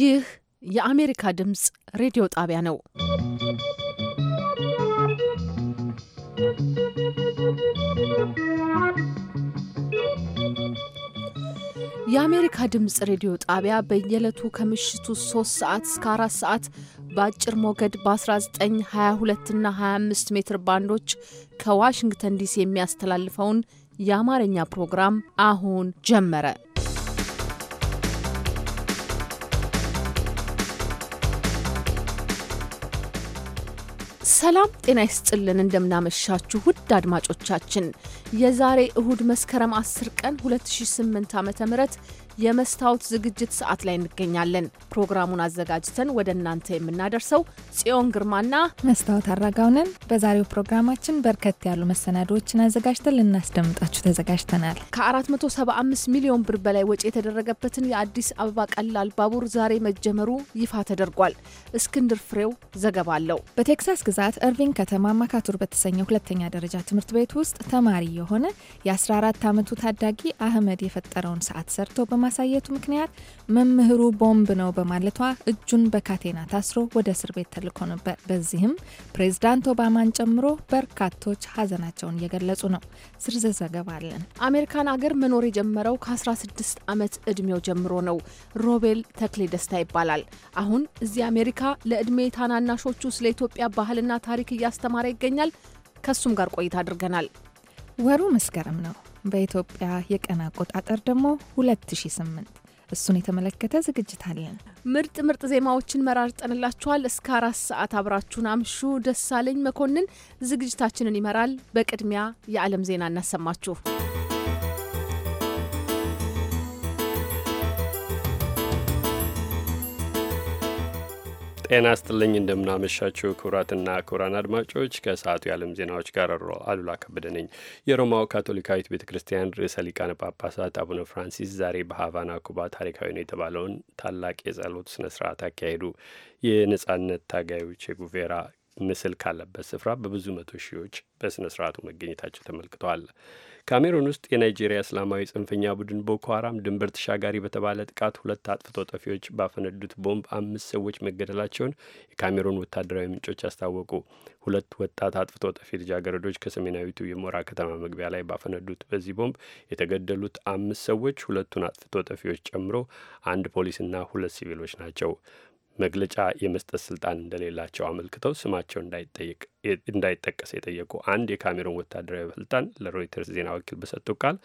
ይህ የአሜሪካ ድምፅ ሬዲዮ ጣቢያ ነው። የአሜሪካ ድምፅ ሬዲዮ ጣቢያ በየዕለቱ ከምሽቱ 3 ሰዓት እስከ 4 ሰዓት በአጭር ሞገድ በ1922 እና 25 ሜትር ባንዶች ከዋሽንግተን ዲሲ የሚያስተላልፈውን የአማርኛ ፕሮግራም አሁን ጀመረ። ሰላም ጤና ይስጥልን። እንደምናመሻችሁ ውድ አድማጮቻችን የዛሬ እሁድ መስከረም 10 ቀን 2008 ዓ ም የመስታወት ዝግጅት ሰዓት ላይ እንገኛለን። ፕሮግራሙን አዘጋጅተን ወደ እናንተ የምናደርሰው ጽዮን ግርማና መስታወት አራጋውነን። በዛሬው ፕሮግራማችን በርከት ያሉ መሰናዶዎችን አዘጋጅተን ልናስደምጣችሁ ተዘጋጅተናል። ከ475 ሚሊዮን ብር በላይ ወጪ የተደረገበትን የአዲስ አበባ ቀላል ባቡር ዛሬ መጀመሩ ይፋ ተደርጓል። እስክንድር ፍሬው ዘገባ አለው። በቴክሳስ ግዛት እርቪንግ ከተማ ማካቱር በተሰኘ ሁለተኛ ደረጃ ትምህርት ቤት ውስጥ ተማሪ የሆነ የ14 ዓመቱ ታዳጊ አህመድ የፈጠረውን ሰዓት ሰርቶ በማ በማሳየቱ ምክንያት መምህሩ ቦምብ ነው በማለቷ እጁን በካቴና ታስሮ ወደ እስር ቤት ተልኮ ነበር። በዚህም ፕሬዝዳንት ኦባማን ጨምሮ በርካቶች ሀዘናቸውን እየገለጹ ነው። ዝርዝር ዘገባ አለን። አሜሪካን አገር መኖር የጀመረው ከ16 ዓመት እድሜው ጀምሮ ነው። ሮቤል ተክሌ ደስታ ይባላል። አሁን እዚህ አሜሪካ ለእድሜ ታናናሾቹ ስለ ኢትዮጵያ ባህልና ታሪክ እያስተማረ ይገኛል። ከሱም ጋር ቆይታ አድርገናል። ወሩ መስከረም ነው። በኢትዮጵያ የቀን አቆጣጠር ደግሞ 2008 እሱን የተመለከተ ዝግጅት አለን። ምርጥ ምርጥ ዜማዎችን መራርጠንላችኋል። እስከ አራት ሰዓት አብራችሁን አምሹ። ደሳለኝ መኮንን ዝግጅታችንን ይመራል። በቅድሚያ የዓለም ዜና እናሰማችሁ። ጤና ይስጥልኝ እንደምናመሻችው ክቡራትና ክቡራን አድማጮች ከሰዓቱ የዓለም ዜናዎች ጋር አሉላ ከበደ ነኝ። የሮማው ካቶሊካዊት ቤተ ክርስቲያን ርዕሰ ሊቃነ ጳጳሳት አቡነ ፍራንሲስ ዛሬ በሀቫና ኩባ ታሪካዊ ነው የተባለውን ታላቅ የጸሎት ስነ ስርዓት አካሄዱ። የነጻነት ታጋዮች የጉቬራ ምስል ካለበት ስፍራ በብዙ መቶ ሺዎች በስነ ስርዓቱ መገኘታቸው ተመልክተዋል። ካሜሩን ውስጥ የናይጄሪያ እስላማዊ ጽንፈኛ ቡድን ቦኮ ሀራም ድንበር ተሻጋሪ በተባለ ጥቃት ሁለት አጥፍቶ ጠፊዎች ባፈነዱት ቦምብ አምስት ሰዎች መገደላቸውን የካሜሩን ወታደራዊ ምንጮች አስታወቁ። ሁለት ወጣት አጥፍቶ ጠፊ ልጃገረዶች ከሰሜናዊቱ የሞራ ከተማ መግቢያ ላይ ባፈነዱት በዚህ ቦምብ የተገደሉት አምስት ሰዎች ሁለቱን አጥፍቶ ጠፊዎች ጨምሮ አንድ ፖሊስና ሁለት ሲቪሎች ናቸው። መግለጫ የመስጠት ስልጣን እንደሌላቸው አመልክተው ስማቸው እንዳይጠየቅ እንዳይጠቀስ የጠየቁ አንድ የካሜሩን ወታደራዊ ባለስልጣን ለሮይተርስ ዜና ወኪል በሰጡ ቃል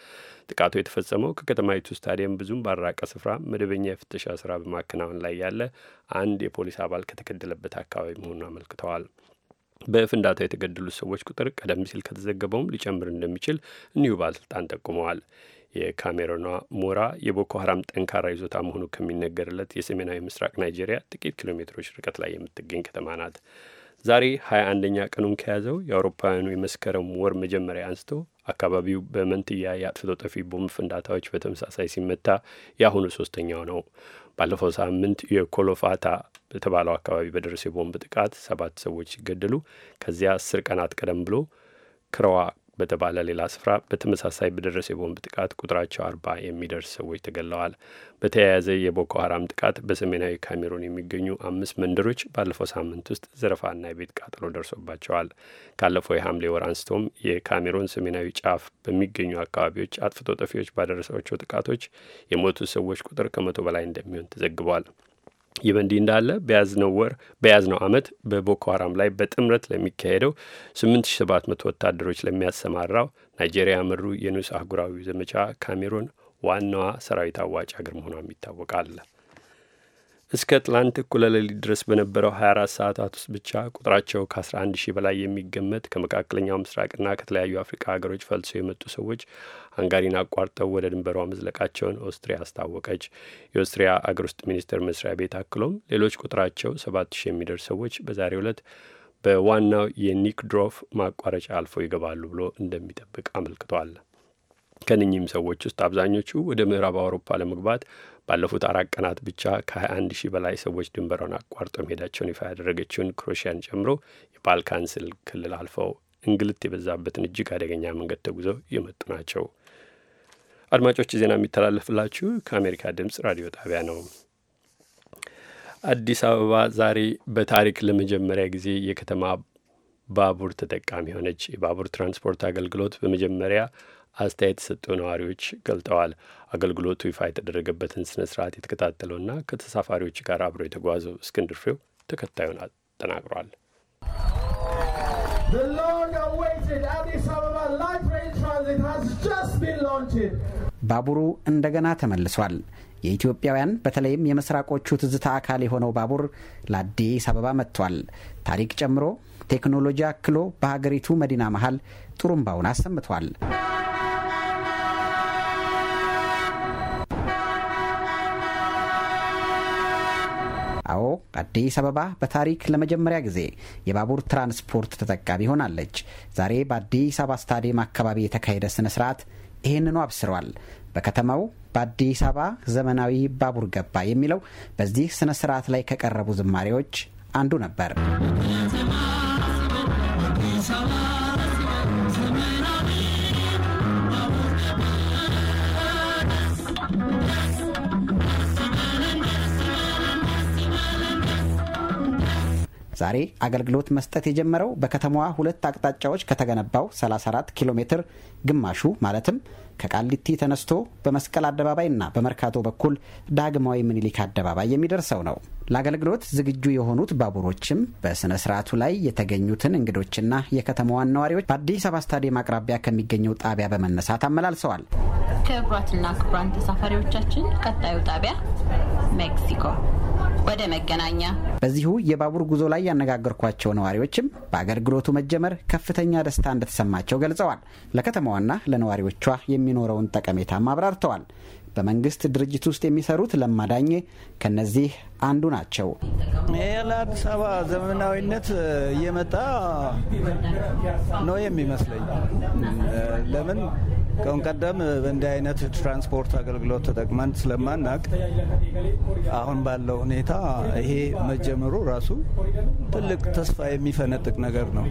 ጥቃቱ የተፈጸመው ከከተማይቱ ስታዲየም ብዙም ባራቀ ስፍራ መደበኛ የፍተሻ ስራ በማከናወን ላይ ያለ አንድ የፖሊስ አባል ከተገደለበት አካባቢ መሆኑን አመልክተዋል። በፍንዳታው የተገደሉት ሰዎች ቁጥር ቀደም ሲል ከተዘገበውም ሊጨምር እንደሚችል እኒሁ ባለስልጣን ጠቁመዋል። የካሜሮኗ ሞራ የቦኮ ሀራም ጠንካራ ይዞታ መሆኑ ከሚነገርለት የሰሜናዊ ምስራቅ ናይጄሪያ ጥቂት ኪሎ ሜትሮች ርቀት ላይ የምትገኝ ከተማ ናት። ዛሬ 21ኛ ቀኑን ከያዘው የአውሮፓውያኑ የመስከረም ወር መጀመሪያ አንስቶ አካባቢው በመንትያ የአጥፍቶ ጠፊ ቦምብ ፍንዳታዎች በተመሳሳይ ሲመታ የአሁኑ ሶስተኛው ነው። ባለፈው ሳምንት የኮሎፋታ በተባለው አካባቢ በደረሰ የቦምብ ጥቃት ሰባት ሰዎች ሲገደሉ ከዚያ አስር ቀናት ቀደም ብሎ ክረዋ በተባለ ሌላ ስፍራ በተመሳሳይ በደረሰ የቦምብ ጥቃት ቁጥራቸው አርባ የሚደርስ ሰዎች ተገለዋል። በተያያዘ የቦኮ ሀራም ጥቃት በሰሜናዊ ካሜሩን የሚገኙ አምስት መንደሮች ባለፈው ሳምንት ውስጥ ዘረፋና የቤት ቃጠሎ ደርሶባቸዋል። ካለፈው የሐምሌ ወር አንስቶም የካሜሩን ሰሜናዊ ጫፍ በሚገኙ አካባቢዎች አጥፍቶ ጠፊዎች ባደረሰባቸው ጥቃቶች የሞቱ ሰዎች ቁጥር ከመቶ በላይ እንደሚሆን ተዘግቧል። ይህ በእንዲህ እንዳለ በያዝነው ወር በያዝነው ዓመት በቦኮ ሀራም ላይ በጥምረት ለሚካሄደው 8700 ወታደሮች ለሚያሰማራው ናይጄሪያ ምሩ የንዑስ አህጉራዊ ዘመቻ ካሜሮን ዋናዋ ሰራዊት አዋጭ ሀገር መሆኗም ይታወቃል። እስከ ትላንት እኩለ ሌሊት ድረስ በነበረው 24 ሰዓታት ውስጥ ብቻ ቁጥራቸው ከ11 ሺህ በላይ የሚገመት ከመካከለኛው ምስራቅና ከተለያዩ አፍሪካ ሀገሮች ፈልሰው የመጡ ሰዎች ሃንጋሪን አቋርጠው ወደ ድንበሯ መዝለቃቸውን ኦስትሪያ አስታወቀች። የኦስትሪያ አገር ውስጥ ሚኒስቴር መስሪያ ቤት አክሎም ሌሎች ቁጥራቸው 7 ሺህ የሚደርስ ሰዎች በዛሬው ዕለት በዋናው የኒክድሮፍ ማቋረጫ አልፈው ይገባሉ ብሎ እንደሚጠብቅ አመልክቷል። ከእነኚህም ሰዎች ውስጥ አብዛኞቹ ወደ ምዕራብ አውሮፓ ለመግባት ባለፉት አራት ቀናት ብቻ ከ21 ሺህ በላይ ሰዎች ድንበሯን አቋርጠው መሄዳቸውን ይፋ ያደረገችውን ክሮሽያን ጨምሮ የባልካን ስል ክልል አልፈው እንግልት የበዛበትን እጅግ አደገኛ መንገድ ተጉዘው የመጡ ናቸው። አድማጮች ዜና የሚተላለፍላችሁ ከአሜሪካ ድምፅ ራዲዮ ጣቢያ ነው። አዲስ አበባ ዛሬ በታሪክ ለመጀመሪያ ጊዜ የከተማ ባቡር ተጠቃሚ ሆነች። የባቡር ትራንስፖርት አገልግሎት በመጀመሪያ አስተያየት የሰጡ ነዋሪዎች ገልጠዋል። አገልግሎቱ ይፋ የተደረገበትን ስነ ስርዓት የተከታተለውና ከተሳፋሪዎች ጋር አብሮ የተጓዘው እስክንድር ፍሬው ተከታዩን አጠናቅሯል። ባቡሩ እንደገና ተመልሷል። የኢትዮጵያውያን በተለይም የምስራቆቹ ትዝታ አካል የሆነው ባቡር ለአዲስ አበባ መጥቷል። ታሪክ ጨምሮ ቴክኖሎጂ አክሎ በሀገሪቱ መዲና መሀል ጥሩምባውን አሰምቷል። አዎ አዲስ አበባ በታሪክ ለመጀመሪያ ጊዜ የባቡር ትራንስፖርት ተጠቃሚ ሆናለች። ዛሬ በአዲስ አበባ ስታዲየም አካባቢ የተካሄደ ስነ ስርዓት ይህንኑ አብስሯል። በከተማው በአዲስ አበባ ዘመናዊ ባቡር ገባ የሚለው በዚህ ስነ ስርዓት ላይ ከቀረቡ ዝማሬዎች አንዱ ነበር። ዛሬ አገልግሎት መስጠት የጀመረው በከተማዋ ሁለት አቅጣጫዎች ከተገነባው 34 ኪሎ ሜትር ግማሹ ማለትም ከቃሊቲ ተነስቶ በመስቀል አደባባይና በመርካቶ በኩል ዳግማዊ ምኒልክ አደባባይ የሚደርሰው ነው። ለአገልግሎት ዝግጁ የሆኑት ባቡሮችም በሥነ ሥርዓቱ ላይ የተገኙትን እንግዶችና የከተማዋን ነዋሪዎች በአዲስ አበባ ስታዲየም አቅራቢያ ከሚገኘው ጣቢያ በመነሳት አመላልሰዋል። ክቡራትና ክቡራን ተሳፋሪዎቻችን ቀጣዩ ጣቢያ ሜክሲኮ ወደ መገናኛ። በዚሁ የባቡር ጉዞ ላይ ያነጋገርኳቸው ነዋሪዎችም በአገልግሎቱ መጀመር ከፍተኛ ደስታ እንደተሰማቸው ገልጸዋል። ለከተማዋና ለነዋሪዎቿ የሚኖረውን ጠቀሜታም አብራርተዋል። በመንግስት ድርጅት ውስጥ የሚሰሩት ለማዳኝ ከነዚህ አንዱ ናቸው። ይሄ ለአዲስ አበባ ዘመናዊነት እየመጣ ነው የሚመስለኝ። ለምን ከሁን ቀደም እንዲህ አይነት ትራንስፖርት አገልግሎት ተጠቅመን ስለማናቅ አሁን ባለው ሁኔታ ይሄ መጀመሩ ራሱ ትልቅ ተስፋ የሚፈነጥቅ ነገር ነው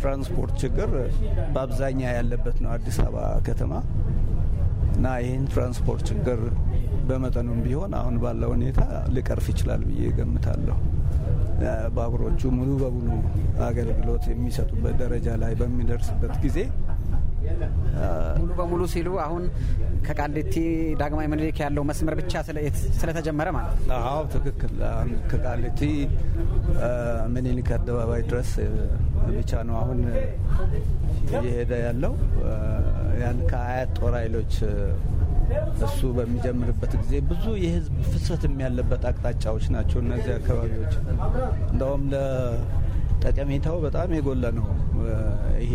ትራንስፖርት ችግር በአብዛኛ ያለበት ነው አዲስ አበባ ከተማ እና ይህን ትራንስፖርት ችግር በመጠኑም ቢሆን አሁን ባለው ሁኔታ ሊቀርፍ ይችላል ብዬ ገምታለሁ። ባቡሮቹ ሙሉ በሙሉ አገልግሎት የሚሰጡበት ደረጃ ላይ በሚደርስበት ጊዜ ሙሉ በሙሉ ሲሉ አሁን ከቃሊቲ ዳግማዊ ምኒልክ ያለው መስመር ብቻ ስለተጀመረ ማለት ነው። አዎ ትክክል። ከቃሊቲ ምኒልክ አደባባይ ድረስ ብቻ ነው አሁን እየሄደ ያለው። ያን ከአያት ጦር ኃይሎች እሱ በሚጀምርበት ጊዜ ብዙ የህዝብ ፍሰትም ያለበት አቅጣጫዎች ናቸው እነዚህ አካባቢዎች። እንደውም ጠቀሜታው በጣም የጎላ ነው። ይሄ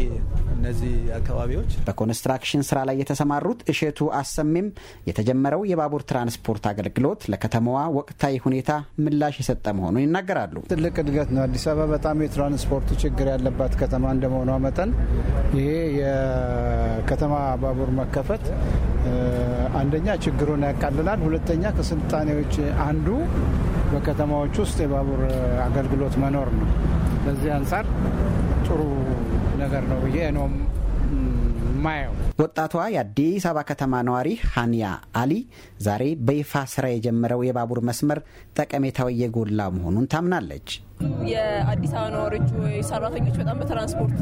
እነዚህ አካባቢዎች በኮንስትራክሽን ስራ ላይ የተሰማሩት እሸቱ አሰሜም የተጀመረው የባቡር ትራንስፖርት አገልግሎት ለከተማዋ ወቅታዊ ሁኔታ ምላሽ የሰጠ መሆኑን ይናገራሉ። ትልቅ እድገት ነው። አዲስ አበባ በጣም የትራንስፖርት ችግር ያለባት ከተማ እንደመሆኗ መጠን ይሄ የከተማ ባቡር መከፈት አንደኛ ችግሩን ያቃልላል፣ ሁለተኛ ከስልጣኔዎች አንዱ በከተማዎች ውስጥ የባቡር አገልግሎት መኖር ነው። በዚህ አንጻር ጥሩ ነገር ነው ብዬ ነው ማየው። ወጣቷ የአዲስ አበባ ከተማ ነዋሪ ሀኒያ አሊ ዛሬ በይፋ ስራ የጀመረው የባቡር መስመር ጠቀሜታው የጎላ መሆኑን ታምናለች። የአዲስ አበባ ነዋሪዎች ሰራተኞች በጣም በትራንስፖርት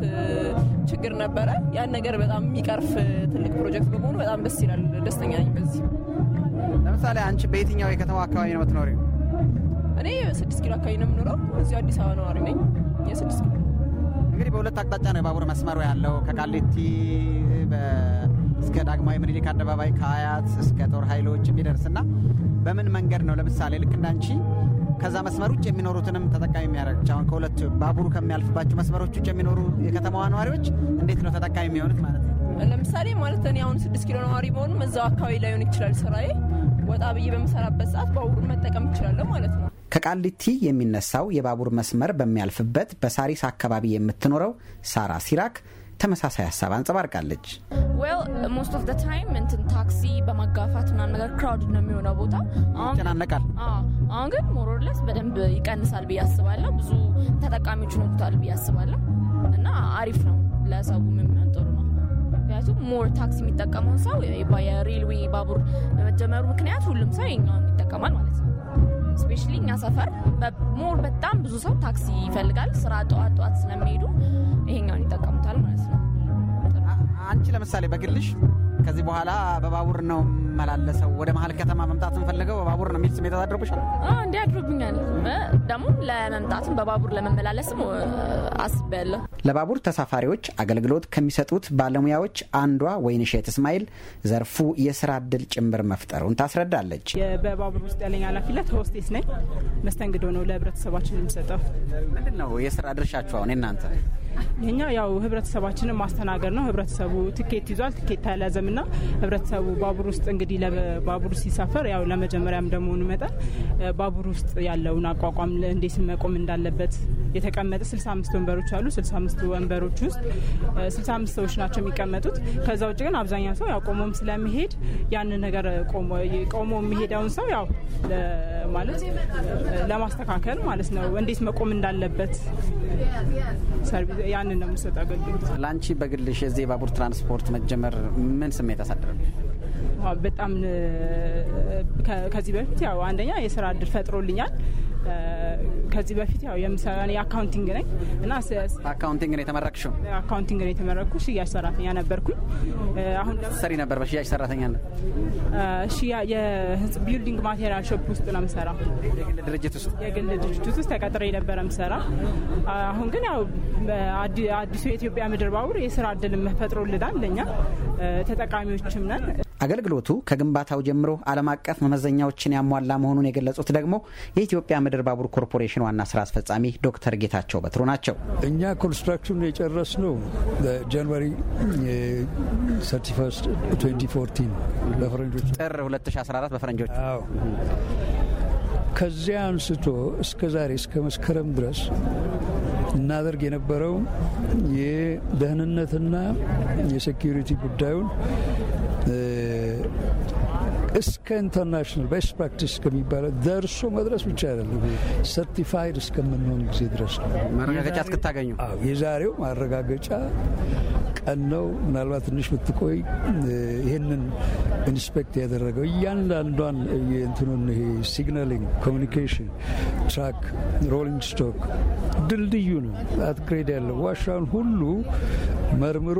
ችግር ነበረ። ያን ነገር በጣም የሚቀርፍ ትልቅ ፕሮጀክት በመሆኑ በጣም ደስ ይላል። ደስተኛ ነኝ በዚህ። ለምሳሌ አንቺ በየትኛው የከተማ አካባቢ ነው የምትኖሪው? እኔ ስድስት ኪሎ አካባቢ ነው የምኖረው። እዚሁ አዲስ አበባ ነዋሪ ነኝ። የስድስት ኪሎ እንግዲህ በሁለት አቅጣጫ ነው የባቡር መስመሩ ያለው ከቃሊቲ እስከ ዳግማዊ ምኒልክ አደባባይ ከአያት እስከ ጦር ኃይሎች የሚደርስና በምን መንገድ ነው ለምሳሌ ልክ እንዳንቺ ከዛ መስመር ውጭ የሚኖሩትንም ተጠቃሚ የሚያደርጉት አሁን ከሁለት ባቡሩ ከሚያልፍባቸው መስመሮች ውጭ የሚኖሩ የከተማዋ ነዋሪዎች እንዴት ነው ተጠቃሚ የሚሆኑት ማለት ነው? ለምሳሌ ማለት እኔ አሁን ስድስት ኪሎ ነዋሪ በሆኑም እዛው አካባቢ ላይሆን ይችላል ስራዬ ወጣ ብዬ በምሰራበት ሰዓት ባቡሩን መጠቀም እችላለሁ ማለት ነው። ከቃሊቲ የሚነሳው የባቡር መስመር በሚያልፍበት በሳሪስ አካባቢ የምትኖረው ሳራ ሲራክ ተመሳሳይ ሀሳብ አንጸባርቃለች። ሞስት ኦፍ ታይም እንትን ታክሲ በማጋፋት ምናምን ነገር ክራውድ ነው የሚሆነው ቦታ ይጨናነቃል። አሁን ግን ሞሮለስ በደንብ ይቀንሳል ብዬ አስባለሁ። ብዙ ተጠቃሚዎች ይኖሩታል ብዬ አስባለሁ እና አሪፍ ነው ለሰው ምን ምክንያቱም ሞር ታክሲ የሚጠቀመውን ሰው የሬልዌይ ባቡር በመጀመሩ ምክንያት ሁሉም ሰው የኛውን ይጠቀማል ማለት ነው። ስፔሻሊ እኛ ሰፈር ሞር በጣም ብዙ ሰው ታክሲ ይፈልጋል። ስራ ጠዋት ጠዋት ስለሚሄዱ ይሄኛውን ይጠቀሙታል ማለት ነው። አንቺ ለምሳሌ በግልሽ ከዚህ በኋላ በባቡር ነው መላለሰው ወደ መሀል ከተማ መምጣት ንፈልገው በባቡር ነው የሚል ስሜት አሳድርብሻል? እንዲህ አድሮብኛል። ደግሞ ለመምጣትም በባቡር ለመመላለስም አስቤያለሁ። ለባቡር ተሳፋሪዎች አገልግሎት ከሚሰጡት ባለሙያዎች አንዷ ወይንሸት እስማኤል ዘርፉ የስራ እድል ጭምር መፍጠሩን ታስረዳለች። በባቡር ውስጥ ያለኝ ኃላፊነት ሆስቴስ ነኝ። መስተንግዶ ነው ለህብረተሰባችን የሚሰጠው። ምንድን ነው የስራ ድርሻችሁ አሁን የእናንተ? የእኛ ያው ህብረተሰባችንን ማስተናገድ ነው። ህብረተሰቡ ትኬት ይዟል። ትኬት አልያዘም ና ህብረተሰቡ ባቡር ውስጥ እንግዲህ ባቡር ሲሳፈር ያው ለመጀመሪያም እንደመሆኑ መጠን ባቡር ውስጥ ያለውን አቋቋም እንዴት መቆም እንዳለበት የተቀመጠ 65 ወንበሮች አሉ። 65 ወንበሮች ውስጥ 65 ሰዎች ናቸው የሚቀመጡት። ከዛ ውጭ ግን አብዛኛው ሰው ያው ቆሞም ስለሚሄድ ያንን ነገር ቆሞ የሚሄደውን ሰው ያው ማለት ለማስተካከል ማለት ነው እንዴት መቆም እንዳለበት ያንን ነው የምሰጥ አገልግሎት። ለአንቺ በግልሽ የዚህ የባቡር ትራንስፖርት መጀመር ምን ስሜት አሳደረብኝ? በጣም ከዚህ በፊት ያው አንደኛ የስራ እድል ፈጥሮልኛል ከዚህ በፊት ያው የምሰራ የአካውንቲንግ ነኝ እና አካውንቲንግ ነው የተመረቅሽው? አካውንቲንግ ነው የተመረቅኩ። ሽያጭ ሰራተኛ ነበርኩኝ። አሁን ሰሪ ነበር። በሽያጭ ሰራተኛ ነው የህንጽ ቢልዲንግ ማቴሪያል ሾፕ ውስጥ ነው የምሰራው። የግል ድርጅት ውስጥ የግል ድርጅት ውስጥ ተቀጥሬ ነበረ የምሰራ። አሁን ግን ያው አዲሱ የኢትዮጵያ ምድር ባቡር የስራ እድል ፈጥሮልናል ለእኛ ተጠቃሚዎችም ነን። አገልግሎቱ ከግንባታው ጀምሮ ዓለም አቀፍ መመዘኛዎችን ያሟላ መሆኑን የገለጹት ደግሞ የኢትዮጵያ ምድር ባቡር ኮርፖሬሽን ዋና ስራ አስፈጻሚ ዶክተር ጌታቸው በትሩ ናቸው። እኛ ኮንስትራክሽኑ የጨረስነው ነው 31 2014 በፈረንጆች ጥር 2014 በፈረንጆች ከዚያ አንስቶ እስከ ዛሬ እስከ መስከረም ድረስ እናደርግ የነበረው የደህንነትና የሴኪሪቲ ጉዳዩን እስከ ኢንተርናሽናል ቤስት ፕራክቲስ ከሚባለ ደርሶ መድረስ ብቻ አይደለም፣ ሰርቲፋይድ እስከምንሆን ጊዜ ድረስ ነው። ማረጋገጫ እስክታገኙ የዛሬው ማረጋገጫ ቀን ነው። ምናልባት ትንሽ ብትቆይ ይህንን ኢንስፔክት ያደረገው እያንዳንዷን የእንትኑን ይሄ ሲግናሊንግ ኮሚኒኬሽን ትራክ፣ ሮሊንግ ስቶክ፣ ነው አትግሬድ ያለው ዋሻውን ሁሉ መርምሮ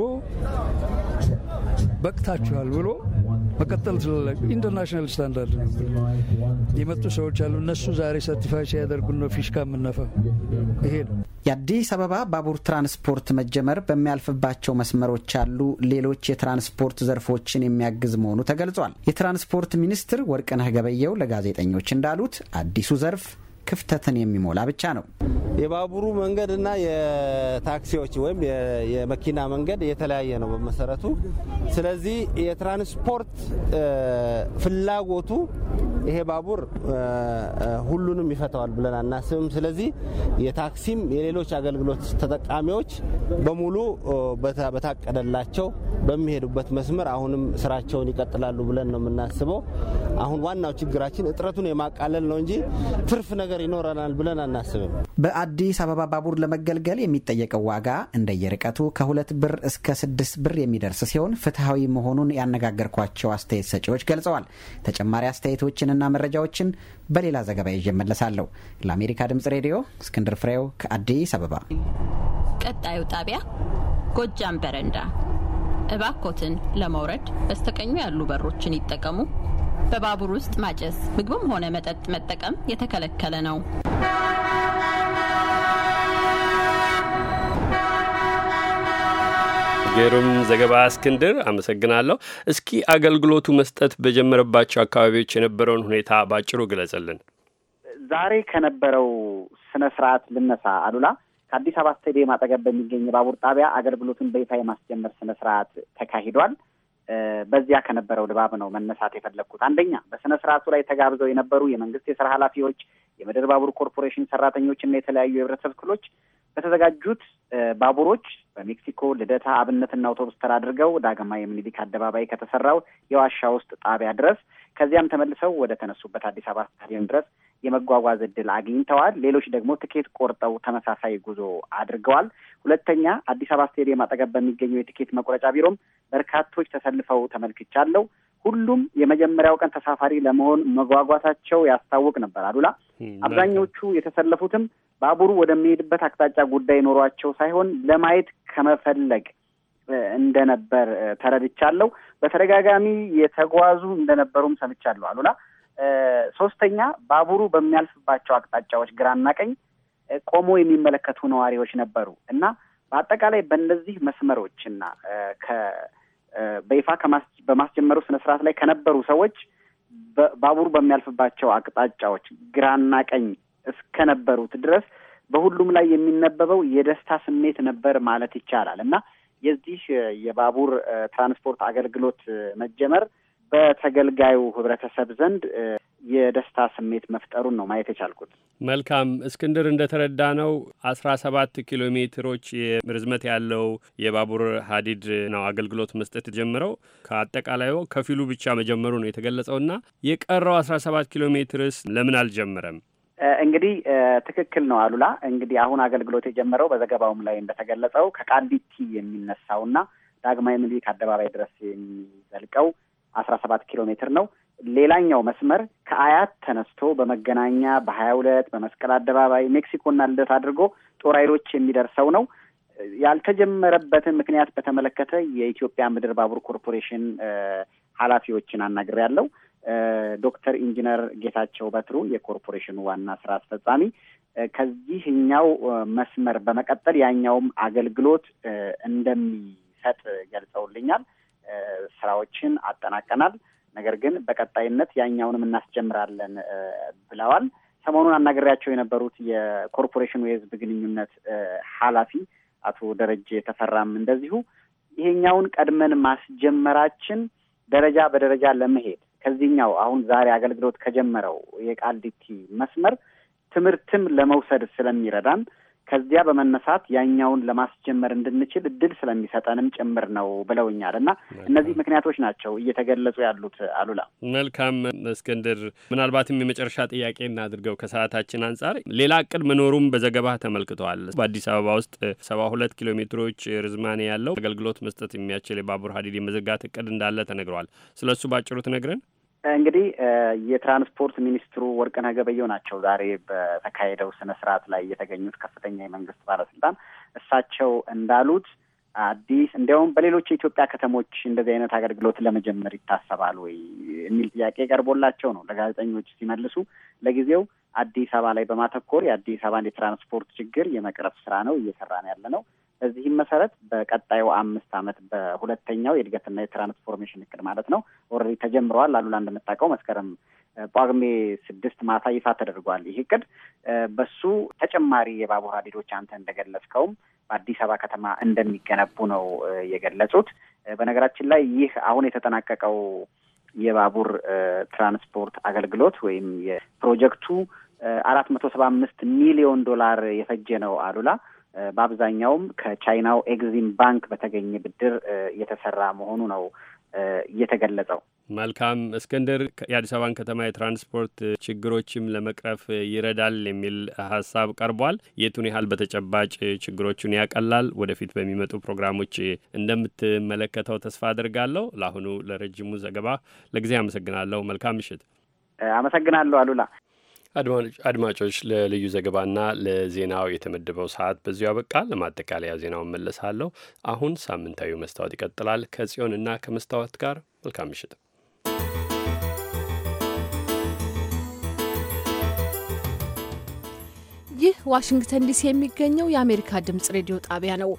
በቅታችኋል ብሎ መቀጠል ስለለ ኢንተርናሽናል ስታንዳርድ ነው የመጡ ሰዎች አሉ። እነሱ ዛሬ ሰርቲፋይ ሲያደርጉ ነው ፊሽካ የምነፋው። ይሄ ነው የአዲስ አበባ ባቡር ትራንስፖርት መጀመር በሚያልፍባቸው መስመሮች ያሉ ሌሎች የትራንስፖርት ዘርፎችን የሚያግዝ መሆኑ ተገልጿል። የትራንስፖርት ሚኒስትር ወርቅነህ ገበየው ለጋዜጠኞች እንዳሉት አዲሱ ዘርፍ ክፍተትን የሚሞላ ብቻ ነው። የባቡሩ መንገድ እና የታክሲዎች ወይም የመኪና መንገድ የተለያየ ነው በመሰረቱ። ስለዚህ የትራንስፖርት ፍላጎቱ ይሄ ባቡር ሁሉንም ይፈታዋል ብለን አናስብም። ስለዚህ የታክሲም የሌሎች አገልግሎት ተጠቃሚዎች በሙሉ በታቀደላቸው በሚሄዱበት መስመር አሁንም ስራቸውን ይቀጥላሉ ብለን ነው የምናስበው። አሁን ዋናው ችግራችን እጥረቱን የማቃለል ነው እንጂ ትርፍ ነገር ይኖረናል ብለን አናስብም። አዲስ አበባ ባቡር ለመገልገል የሚጠየቀው ዋጋ እንደየርቀቱ ከሁለት ብር እስከ ስድስት ብር የሚደርስ ሲሆን ፍትሐዊ መሆኑን ያነጋገርኳቸው አስተያየት ሰጪዎች ገልጸዋል። ተጨማሪ አስተያየቶችንና መረጃዎችን በሌላ ዘገባ ይዤ እመለሳለሁ። ለአሜሪካ ድምጽ ሬዲዮ እስክንድር ፍሬው ከአዲስ አበባ። ቀጣዩ ጣቢያ ጎጃም በረንዳ። እባኮትን ለመውረድ በስተቀኙ ያሉ በሮችን ይጠቀሙ። በባቡር ውስጥ ማጨስ፣ ምግብም ሆነ መጠጥ መጠቀም የተከለከለ ነው። ግሩም ዘገባ እስክንድር፣ አመሰግናለሁ። እስኪ አገልግሎቱ መስጠት በጀመረባቸው አካባቢዎች የነበረውን ሁኔታ ባጭሩ ግለጽልን። ዛሬ ከነበረው ስነ ስርዓት ልነሳ አሉላ። ከአዲስ አበባ ስቴዲየም አጠገብ በሚገኝ የባቡር ጣቢያ አገልግሎቱን በይፋ የማስጀመር ስነ ስርዓት ተካሂዷል። በዚያ ከነበረው ድባብ ነው መነሳት የፈለግኩት። አንደኛ በስነ ስርዓቱ ላይ ተጋብዘው የነበሩ የመንግስት የስራ ኃላፊዎች፣ የምድር ባቡር ኮርፖሬሽን ሰራተኞች እና የተለያዩ የህብረተሰብ ክፍሎች በተዘጋጁት ባቡሮች በሜክሲኮ ልደታ አብነትና አውቶቡስ ተራ አድርገው ዳግማ ምኒልክ አደባባይ ከተሰራው የዋሻ ውስጥ ጣቢያ ድረስ ከዚያም ተመልሰው ወደ ተነሱበት አዲስ አበባ ስታዲየም ድረስ የመጓጓዝ እድል አግኝተዋል። ሌሎች ደግሞ ትኬት ቆርጠው ተመሳሳይ ጉዞ አድርገዋል። ሁለተኛ አዲስ አበባ ስቴዲየም አጠገብ በሚገኘው የትኬት መቁረጫ ቢሮም በርካቶች ተሰልፈው ተመልክቻለሁ። ሁሉም የመጀመሪያው ቀን ተሳፋሪ ለመሆን መጓጓታቸው ያስታውቅ ነበር። አሉላ hmm, አብዛኞቹ የተሰለፉትም ባቡሩ ወደሚሄድበት አቅጣጫ ጉዳይ ኖሯቸው ሳይሆን ለማየት ከመፈለግ እንደነበር ተረድቻለሁ። በተደጋጋሚ የተጓዙ እንደነበሩም ሰምቻለሁ። አሉላ ሶስተኛ ባቡሩ በሚያልፍባቸው አቅጣጫዎች ግራና ቀኝ ቆሞ የሚመለከቱ ነዋሪዎች ነበሩ እና በአጠቃላይ በእነዚህ መስመሮች እና በይፋ በማስጀመሩ ስነስርዓት ላይ ከነበሩ ሰዎች ባቡሩ በሚያልፍባቸው አቅጣጫዎች ግራና ቀኝ እስከነበሩት ድረስ በሁሉም ላይ የሚነበበው የደስታ ስሜት ነበር ማለት ይቻላል እና የዚህ የባቡር ትራንስፖርት አገልግሎት መጀመር በተገልጋዩ ህብረተሰብ ዘንድ የደስታ ስሜት መፍጠሩን ነው ማየት የቻልኩት። መልካም እስክንድር፣ እንደተረዳ ነው አስራ ሰባት ኪሎ ሜትሮች ርዝመት ያለው የባቡር ሀዲድ ነው አገልግሎት መስጠት የጀመረው። ከአጠቃላዩ ከፊሉ ብቻ መጀመሩ ነው የተገለጸው እና የቀረው አስራ ሰባት ኪሎ ሜትርስ ለምን አልጀመረም? እንግዲህ ትክክል ነው አሉላ። እንግዲህ አሁን አገልግሎት የጀመረው በዘገባውም ላይ እንደተገለጸው ከቃሊቲ የሚነሳውና ዳግማዊ ምኒልክ አደባባይ ድረስ የሚዘልቀው አስራ ሰባት ኪሎ ሜትር ነው። ሌላኛው መስመር ከአያት ተነስቶ በመገናኛ በሀያ ሁለት በመስቀል አደባባይ ሜክሲኮና ልደት አድርጎ ጦር ኃይሎች የሚደርሰው ነው። ያልተጀመረበትን ምክንያት በተመለከተ የኢትዮጵያ ምድር ባቡር ኮርፖሬሽን ኃላፊዎችን አናግሬ ያለው ዶክተር ኢንጂነር ጌታቸው በትሩ የኮርፖሬሽኑ ዋና ስራ አስፈጻሚ ከዚህኛው መስመር በመቀጠል ያኛውም አገልግሎት እንደሚሰጥ ገልጸውልኛል። ስራዎችን አጠናቀናል። ነገር ግን በቀጣይነት ያኛውንም እናስጀምራለን ብለዋል። ሰሞኑን አናገሪያቸው የነበሩት የኮርፖሬሽኑ የህዝብ ግንኙነት ኃላፊ አቶ ደረጀ ተፈራም እንደዚሁ ይሄኛውን ቀድመን ማስጀመራችን ደረጃ በደረጃ ለመሄድ ከዚህኛው አሁን ዛሬ አገልግሎት ከጀመረው የቃሊቲ መስመር ትምህርትም ለመውሰድ ስለሚረዳን ከዚያ በመነሳት ያኛውን ለማስጀመር እንድንችል እድል ስለሚሰጠንም ጭምር ነው ብለውኛል። እና እነዚህ ምክንያቶች ናቸው እየተገለጹ ያሉት። አሉላ መልካም እስክንድር፣ ምናልባትም የመጨረሻ ጥያቄ እናድርገው ከሰዓታችን አንጻር። ሌላ እቅድ መኖሩም በዘገባ ተመልክተዋል። በአዲስ አበባ ውስጥ ሰባ ሁለት ኪሎ ሜትሮች ርዝማኔ ያለው አገልግሎት መስጠት የሚያስችል የባቡር ሀዲድ የመዘጋት እቅድ እንዳለ ተነግሯል። ስለ እሱ ባጭሩ ትነግረን። እንግዲህ የትራንስፖርት ሚኒስትሩ ወርቅነህ ገበየሁ ናቸው ዛሬ በተካሄደው ስነ ስርዓት ላይ የተገኙት ከፍተኛ የመንግስት ባለስልጣን። እሳቸው እንዳሉት አዲስ እንዲያውም በሌሎች የኢትዮጵያ ከተሞች እንደዚህ አይነት አገልግሎት ለመጀመር ይታሰባል ወይ የሚል ጥያቄ ቀርቦላቸው ነው ለጋዜጠኞች ሲመልሱ ለጊዜው አዲስ አበባ ላይ በማተኮር የአዲስ አበባን የትራንስፖርት ችግር የመቅረፍ ስራ ነው እየሰራ ነው ያለ ነው በዚህም መሰረት በቀጣዩ አምስት ዓመት በሁለተኛው የእድገትና የትራንስፎርሜሽን እቅድ ማለት ነው ኦልሬዲ ተጀምረዋል። አሉላ እንደምታውቀው መስከረም ጳጉሜ ስድስት ማታ ይፋ ተደርጓል። ይህ እቅድ በሱ ተጨማሪ የባቡር ሀዲዶች አንተ እንደገለጽከውም በአዲስ አበባ ከተማ እንደሚገነቡ ነው የገለጹት። በነገራችን ላይ ይህ አሁን የተጠናቀቀው የባቡር ትራንስፖርት አገልግሎት ወይም የፕሮጀክቱ አራት መቶ ሰባ አምስት ሚሊዮን ዶላር የፈጀ ነው አሉላ በአብዛኛውም ከቻይናው ኤግዚም ባንክ በተገኘ ብድር እየተሰራ መሆኑ ነው እየተገለጸው። መልካም እስክንድር፣ የአዲስ አበባን ከተማ የትራንስፖርት ችግሮችም ለመቅረፍ ይረዳል የሚል ሀሳብ ቀርቧል። የቱን ያህል በተጨባጭ ችግሮቹን ያቀላል ወደፊት በሚመጡ ፕሮግራሞች እንደምትመለከተው ተስፋ አድርጋለሁ። ለአሁኑ ለረጅሙ ዘገባ ለጊዜ አመሰግናለሁ። መልካም ምሽት። አመሰግናለሁ አሉላ። አድማጮች ለልዩ ዘገባና ለዜናው የተመደበው ሰዓት በዚሁ አበቃ። ለማጠቃለያ ዜናውን መለሳለሁ። አሁን ሳምንታዊ መስታወት ይቀጥላል። ከጽዮንና ከመስታወት ጋር መልካም ምሽት። ይህ ዋሽንግተን ዲሲ የሚገኘው የአሜሪካ ድምጽ ሬዲዮ ጣቢያ ነው።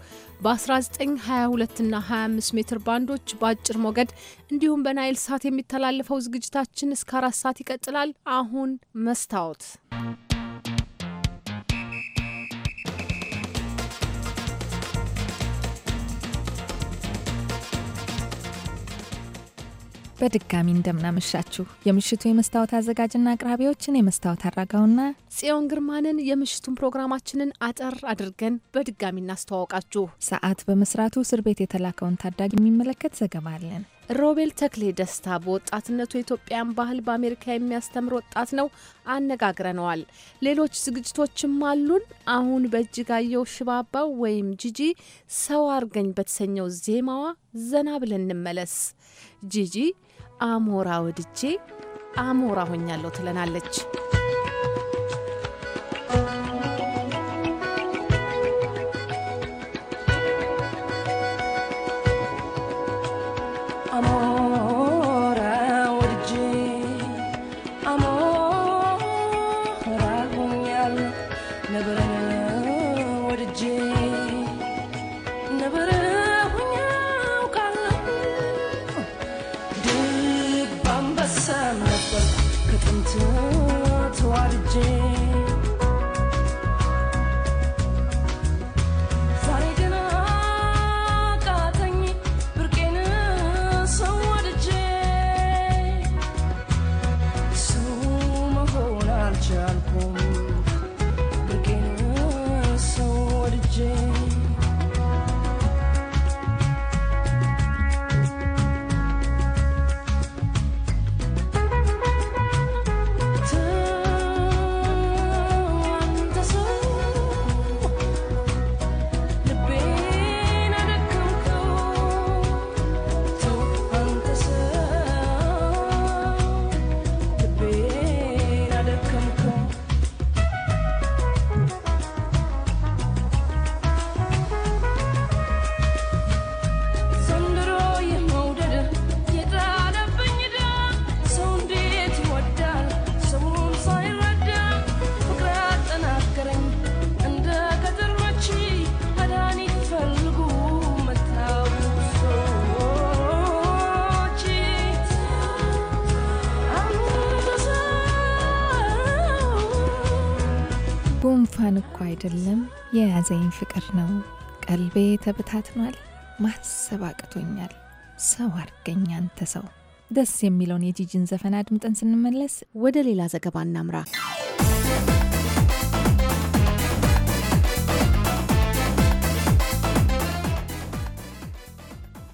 በ1922ና 25 ሜትር ባንዶች በአጭር ሞገድ እንዲሁም በናይል ሳት የሚተላለፈው ዝግጅታችን እስከ አራት ሰዓት ይቀጥላል። አሁን መስታወት በድጋሚ እንደምናመሻችሁ የምሽቱ የመስታወት አዘጋጅና አቅራቢዎችን የመስታወት አድራጋውና ጽዮን ግርማንን የምሽቱን ፕሮግራማችንን አጠር አድርገን በድጋሚ እናስተዋውቃችሁ። ሰዓት በመስራቱ እስር ቤት የተላከውን ታዳጊ የሚመለከት ዘገባ አለን። ሮቤል ተክሌ ደስታ በወጣትነቱ የኢትዮጵያን ባህል በአሜሪካ የሚያስተምር ወጣት ነው። አነጋግረነዋል። ሌሎች ዝግጅቶችም አሉን። አሁን በእጅጋየሁ ሽባባው ወይም ጂጂ ሰው አርገኝ በተሰኘው ዜማዋ ዘና ብለን እንመለስ። ጂጂ አሞራ ወድጄ አሞራ ሆኛለሁ ትለናለች። አይደለም የያዘኝ ፍቅር ነው። ቀልቤ ተበታትኗል፣ ማሰብ አቅቶኛል። ሰው አድርገኝ አንተ ሰው። ደስ የሚለውን የጂጂን ዘፈን አድምጠን ስንመለስ ወደ ሌላ ዘገባ እናምራ።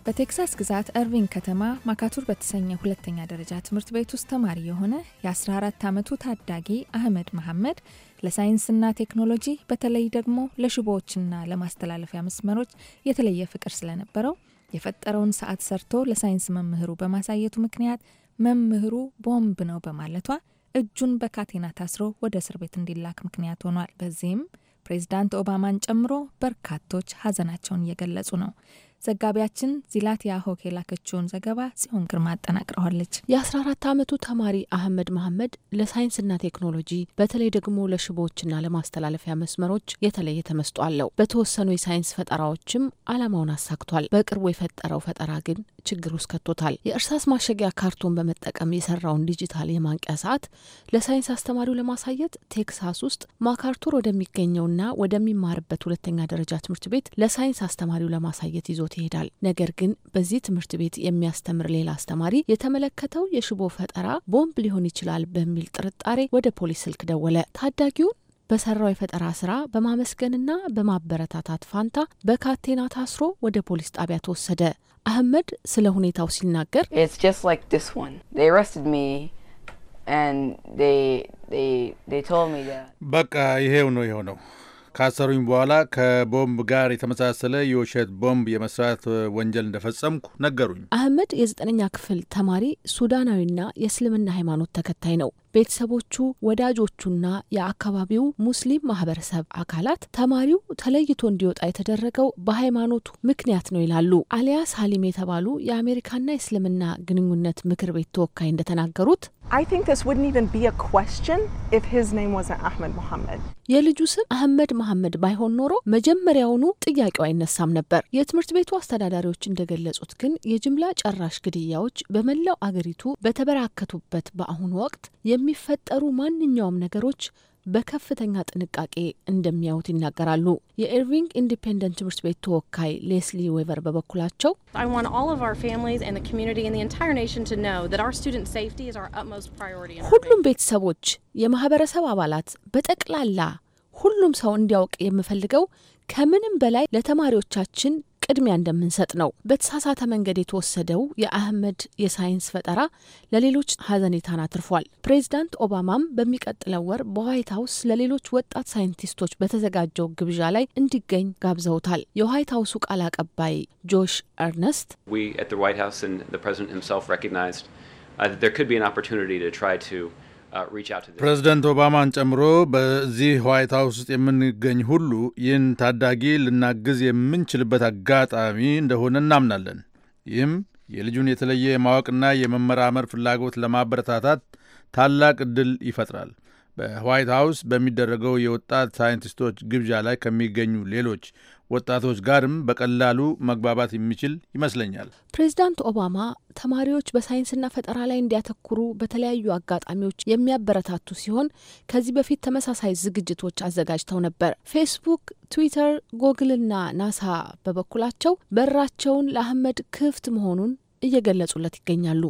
በቴክሳስ ግዛት እርቪን ከተማ ማካቱር በተሰኘ ሁለተኛ ደረጃ ትምህርት ቤት ውስጥ ተማሪ የሆነ የ14 ዓመቱ ታዳጊ አህመድ መሐመድ ለሳይንስና ቴክኖሎጂ በተለይ ደግሞ ለሽቦዎችና ለማስተላለፊያ መስመሮች የተለየ ፍቅር ስለነበረው የፈጠረውን ሰዓት ሰርቶ ለሳይንስ መምህሩ በማሳየቱ ምክንያት መምህሩ ቦምብ ነው በማለቷ እጁን በካቴና ታስሮ ወደ እስር ቤት እንዲላክ ምክንያት ሆኗል። በዚህም ፕሬዚዳንት ኦባማን ጨምሮ በርካቶች ሀዘናቸውን እየገለጹ ነው። ዘጋቢያችን ዚላት ሆክ የላከችውን ዘገባ ጽዮን ግርማ አጠናቅረዋለች። የ14 ዓመቱ ተማሪ አህመድ መሐመድ ለሳይንስና ቴክኖሎጂ በተለይ ደግሞ ለሽቦዎችና ለማስተላለፊያ መስመሮች የተለየ ተመስጦ አለው። በተወሰኑ የሳይንስ ፈጠራዎችም አላማውን አሳክቷል። በቅርቡ የፈጠረው ፈጠራ ግን ችግር ውስጥ ከቶታል። የእርሳስ ማሸጊያ ካርቶን በመጠቀም የሰራውን ዲጂታል የማንቂያ ሰዓት ለሳይንስ አስተማሪው ለማሳየት ቴክሳስ ውስጥ ማካርቱር ወደሚገኘውና ወደሚማርበት ሁለተኛ ደረጃ ትምህርት ቤት ለሳይንስ አስተማሪው ለማሳየት ይዞት ይሄዳል። ነገር ግን በዚህ ትምህርት ቤት የሚያስተምር ሌላ አስተማሪ የተመለከተው የሽቦ ፈጠራ ቦምብ ሊሆን ይችላል በሚል ጥርጣሬ ወደ ፖሊስ ስልክ ደወለ። ታዳጊውን በሰራው የፈጠራ ስራ በማመስገንና በማበረታታት ፋንታ በካቴና ታስሮ ወደ ፖሊስ ጣቢያ ተወሰደ። አህመድ ስለ ሁኔታው ሲናገር በቃ ይሄው ነው የሆነው። ካሰሩኝ በኋላ ከቦምብ ጋር የተመሳሰለ የውሸት ቦምብ የመስራት ወንጀል እንደፈጸምኩ ነገሩኝ። አህመድ የዘጠነኛ ክፍል ተማሪ ሱዳናዊና የእስልምና ሃይማኖት ተከታይ ነው። ቤተሰቦቹ፣ ወዳጆቹና የአካባቢው ሙስሊም ማህበረሰብ አካላት ተማሪው ተለይቶ እንዲወጣ የተደረገው በሃይማኖቱ ምክንያት ነው ይላሉ። አሊያስ ሀሊም የተባሉ የአሜሪካና የእስልምና ግንኙነት ምክር ቤት ተወካይ እንደተናገሩት I think this wouldn't even be a question if his name wasn't Ahmed Mohammed. የልጁ ስም አህመድ መሐመድ ባይሆን ኖሮ መጀመሪያውኑ ጥያቄው አይነሳም ነበር። የትምህርት ቤቱ አስተዳዳሪዎች እንደገለጹት ግን የጅምላ ጨራሽ ግድያዎች በመላው አገሪቱ በተበራከቱበት በአሁኑ ወቅት የሚፈጠሩ ማንኛውም ነገሮች በከፍተኛ ጥንቃቄ እንደሚያዩት ይናገራሉ። የኤርቪንግ ኢንዲፔንደንት ትምህርት ቤት ተወካይ ሌስሊ ዌቨር በበኩላቸው ሁሉም ቤተሰቦች፣ የማህበረሰብ አባላት በጠቅላላ ሁሉም ሰው እንዲያውቅ የምፈልገው ከምንም በላይ ለተማሪዎቻችን ቅድሚያ እንደምንሰጥ ነው። በተሳሳተ መንገድ የተወሰደው የአህመድ የሳይንስ ፈጠራ ለሌሎች ሀዘኔታን አትርፏል። ፕሬዚዳንት ኦባማም በሚቀጥለው ወር በዋይት ሀውስ ለሌሎች ወጣት ሳይንቲስቶች በተዘጋጀው ግብዣ ላይ እንዲገኝ ጋብዘውታል። የዋይት ሀውሱ ቃል አቀባይ ጆሽ ኤርነስት We at Uh, ፕሬዚደንት ኦባማን ጨምሮ በዚህ ዋይት ሀውስ ውስጥ የምንገኝ ሁሉ ይህን ታዳጊ ልናግዝ የምንችልበት አጋጣሚ እንደሆነ እናምናለን። ይህም የልጁን የተለየ የማወቅና የመመራመር ፍላጎት ለማበረታታት ታላቅ እድል ይፈጥራል። በዋይት ሀውስ በሚደረገው የወጣት ሳይንቲስቶች ግብዣ ላይ ከሚገኙ ሌሎች ወጣቶች ጋርም በቀላሉ መግባባት የሚችል ይመስለኛል። ፕሬዚዳንት ኦባማ ተማሪዎች በሳይንስና ፈጠራ ላይ እንዲያተኩሩ በተለያዩ አጋጣሚዎች የሚያበረታቱ ሲሆን ከዚህ በፊት ተመሳሳይ ዝግጅቶች አዘጋጅተው ነበር። ፌስቡክ፣ ትዊተር፣ ጎግልና ናሳ በበኩላቸው በራቸውን ለአህመድ ክፍት መሆኑን እየገለጹለት ይገኛሉ።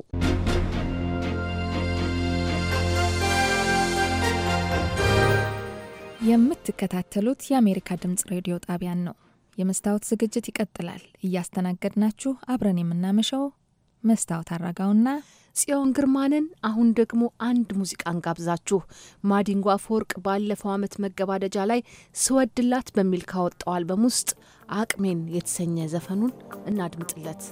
የምትከታተሉት የአሜሪካ ድምጽ ሬዲዮ ጣቢያን ነው። የመስታወት ዝግጅት ይቀጥላል። እያስተናገድናችሁ አብረን የምናመሸው መስታወት አራጋውና ጽዮን ግርማንን። አሁን ደግሞ አንድ ሙዚቃን ጋብዛችሁ ማዲንጎ አፈወርቅ ባለፈው ዓመት መገባደጃ ላይ ስወድላት በሚል ካወጣው አልበም ውስጥ አቅሜን የተሰኘ ዘፈኑን እናድምጥለት።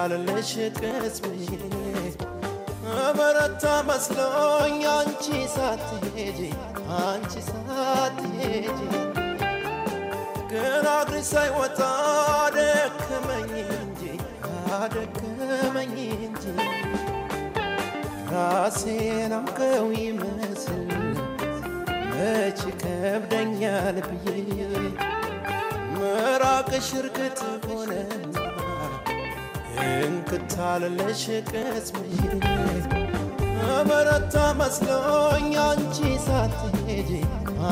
ያለሽ ቅስሜ በረታ መስሎኝ አንቺ ሳትሄጂ አንቺ ሳትሄጂ ግን እግሬ ሳይወጣ አደከመኝ እንጂ አደከመኝ እንጂ ራሴን አውቀው ይመስል መች ከብደኛል ብዬ ምራቅሽ እርግጥ ካለለሽ ቅስሜ በረታ መስሎኝ አንቺ ሳትሄጂ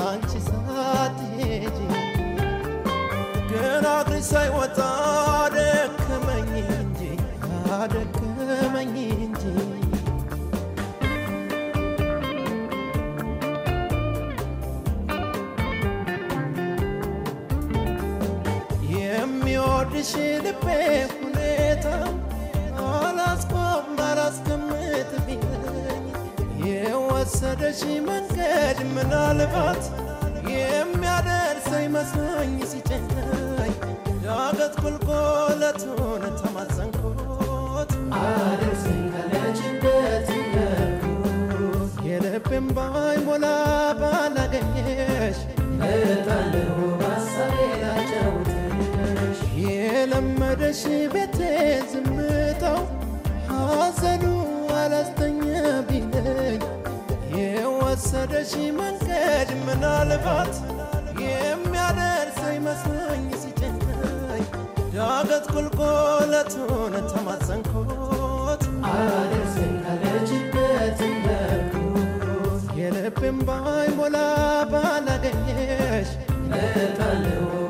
አንቺ ሳትሄጂ ግን አግሪ ሳይወጣ ምናልባት የሚያደርሰኝ መስሎኝ ሲጨንቀኝ ቁልቁለቱን ተማጸንኩት በወሰደሽ መንገድ ምናልባት የሚያደርሰኝ መስሎኝ ሲጨንቀኝ ዳገት ቁልቁለቱን ተማጸንኩት። አደርሰኝ ካለችበት የልብን ባይሞላ ባላገኘሽ መጣለው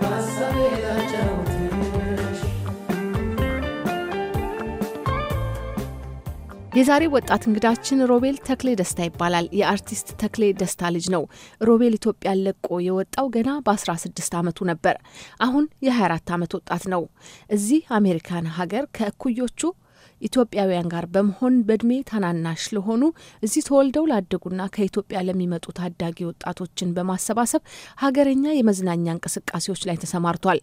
የዛሬ ወጣት እንግዳችን ሮቤል ተክሌ ደስታ ይባላል። የአርቲስት ተክሌ ደስታ ልጅ ነው። ሮቤል ኢትዮጵያን ለቆ የወጣው ገና በ16 ዓመቱ ነበር። አሁን የ24 ዓመት ወጣት ነው። እዚህ አሜሪካን ሀገር ከእኩዮቹ ኢትዮጵያውያን ጋር በመሆን በእድሜ ታናናሽ ለሆኑ እዚህ ተወልደው ላደጉና ከኢትዮጵያ ለሚመጡ ታዳጊ ወጣቶችን በማሰባሰብ ሀገረኛ የመዝናኛ እንቅስቃሴዎች ላይ ተሰማርቷል።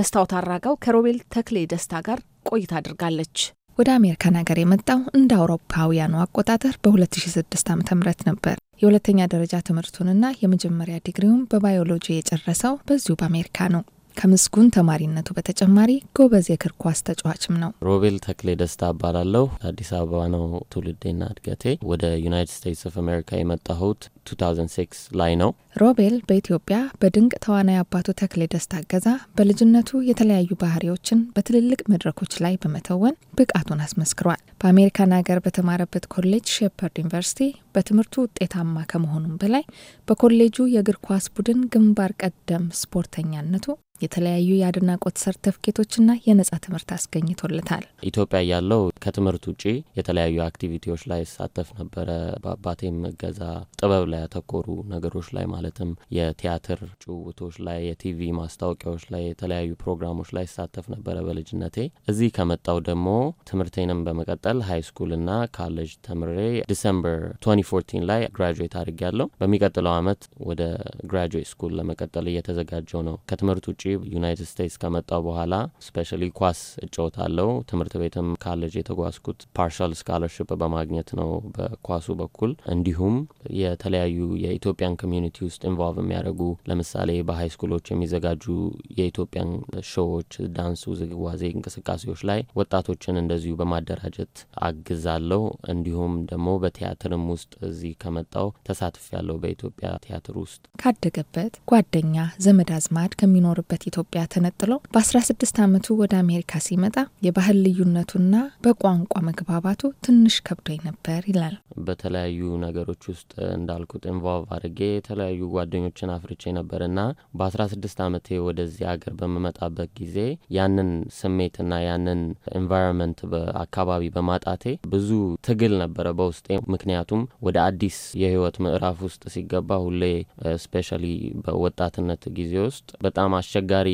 መስታወት አራጋው ከሮቤል ተክሌ ደስታ ጋር ቆይታ አድርጋለች። ወደ አሜሪካ ሀገር የመጣው እንደ አውሮፓውያኑ አቆጣጠር በ2006 ዓ ም ነበር። የሁለተኛ ደረጃ ትምህርቱንና የመጀመሪያ ዲግሪውን በባዮሎጂ የጨረሰው በዚሁ በአሜሪካ ነው። ከምስጉን ተማሪነቱ በተጨማሪ ጎበዝ የእግር ኳስ ተጫዋችም ነው። ሮቤል ተክሌ ደስታ እባላለሁ። አዲስ አበባ ነው ትውልዴና እድገቴ። ወደ ዩናይትድ ስቴትስ ኦፍ አሜሪካ የመጣሁት 2006 ላይ ነው። ሮቤል በኢትዮጵያ በድንቅ ተዋናይ አባቱ ተክሌ ደስታ እገዛ በልጅነቱ የተለያዩ ባህሪዎችን በትልልቅ መድረኮች ላይ በመተወን ብቃቱን አስመስክሯል። በአሜሪካን ሀገር በተማረበት ኮሌጅ ሼፐርድ ዩኒቨርሲቲ በትምህርቱ ውጤታማ ከመሆኑም በላይ በኮሌጁ የእግር ኳስ ቡድን ግንባር ቀደም ስፖርተኛነቱ የተለያዩ የአድናቆት ሰርተፍኬቶችና የነጻ ትምህርት አስገኝቶለታል። ኢትዮጵያ ያለው ከትምህርት ውጪ የተለያዩ አክቲቪቲዎች ላይ ይሳተፍ ነበረ። በአባቴም እገዛ ጥበብ ላይ ላይ ያተኮሩ ነገሮች ላይ ማለትም የቲያትር ጭውውቶች ላይ፣ የቲቪ ማስታወቂያዎች ላይ፣ የተለያዩ ፕሮግራሞች ላይ ይሳተፍ ነበረ በልጅነቴ። እዚህ ከመጣው ደግሞ ትምህርቴንም በመቀጠል ሀይ ና ካሌጅ ተምሬ ዲሰምበር 2014 ላይ ግራጁዌት አድርጊያለሁ። በሚቀጥለው አመት ወደ ግራጁዌት ስኩል ለመቀጠል እየተዘጋጀው ነው። ከትምህርት ውጭ ዩናይትድ ስቴትስ ከመጣው በኋላ ስፔሻ ኳስ አለው። ትምህርት ቤትም ካሌጅ የተጓዝኩት ፓርሻል ስካለርሽፕ በማግኘት ነው በኳሱ በኩል እንዲሁም የተለያዩ የተለያዩ የኢትዮጵያን ኮሚኒቲ ውስጥ ኢንቮልቭ የሚያደርጉ ለምሳሌ በሀይ ስኩሎች የሚዘጋጁ የኢትዮጵያን ሾዎች፣ ዳንስ፣ ውዝግዋዜ እንቅስቃሴዎች ላይ ወጣቶችን እንደዚሁ በማደራጀት አግዛለሁ። እንዲሁም ደግሞ በቲያትርም ውስጥ እዚህ ከመጣው ተሳትፍ ያለው በኢትዮጵያ ቲያትር ውስጥ ካደገበት ጓደኛ ዘመድ አዝማድ ከሚኖርበት ኢትዮጵያ ተነጥሎ በ16 ዓመቱ ወደ አሜሪካ ሲመጣ የባህል ልዩነቱና በቋንቋ መግባባቱ ትንሽ ከብዶኝ ነበር ይላል። በተለያዩ ነገሮች ውስጥ እንዳልኩ ራስኩት ኢንቮልቭ አድርጌ የተለያዩ ጓደኞችን አፍርቼ ነበርና በ16 ዓመቴ ወደዚህ ሀገር በምመጣበት ጊዜ ያንን ስሜትና ያንን ኤንቫይሮንመንት አካባቢ በማጣቴ ብዙ ትግል ነበረ በውስጤ። ምክንያቱም ወደ አዲስ የህይወት ምዕራፍ ውስጥ ሲገባ ሁሌ ስፔሻሊ በወጣትነት ጊዜ ውስጥ በጣም አስቸጋሪ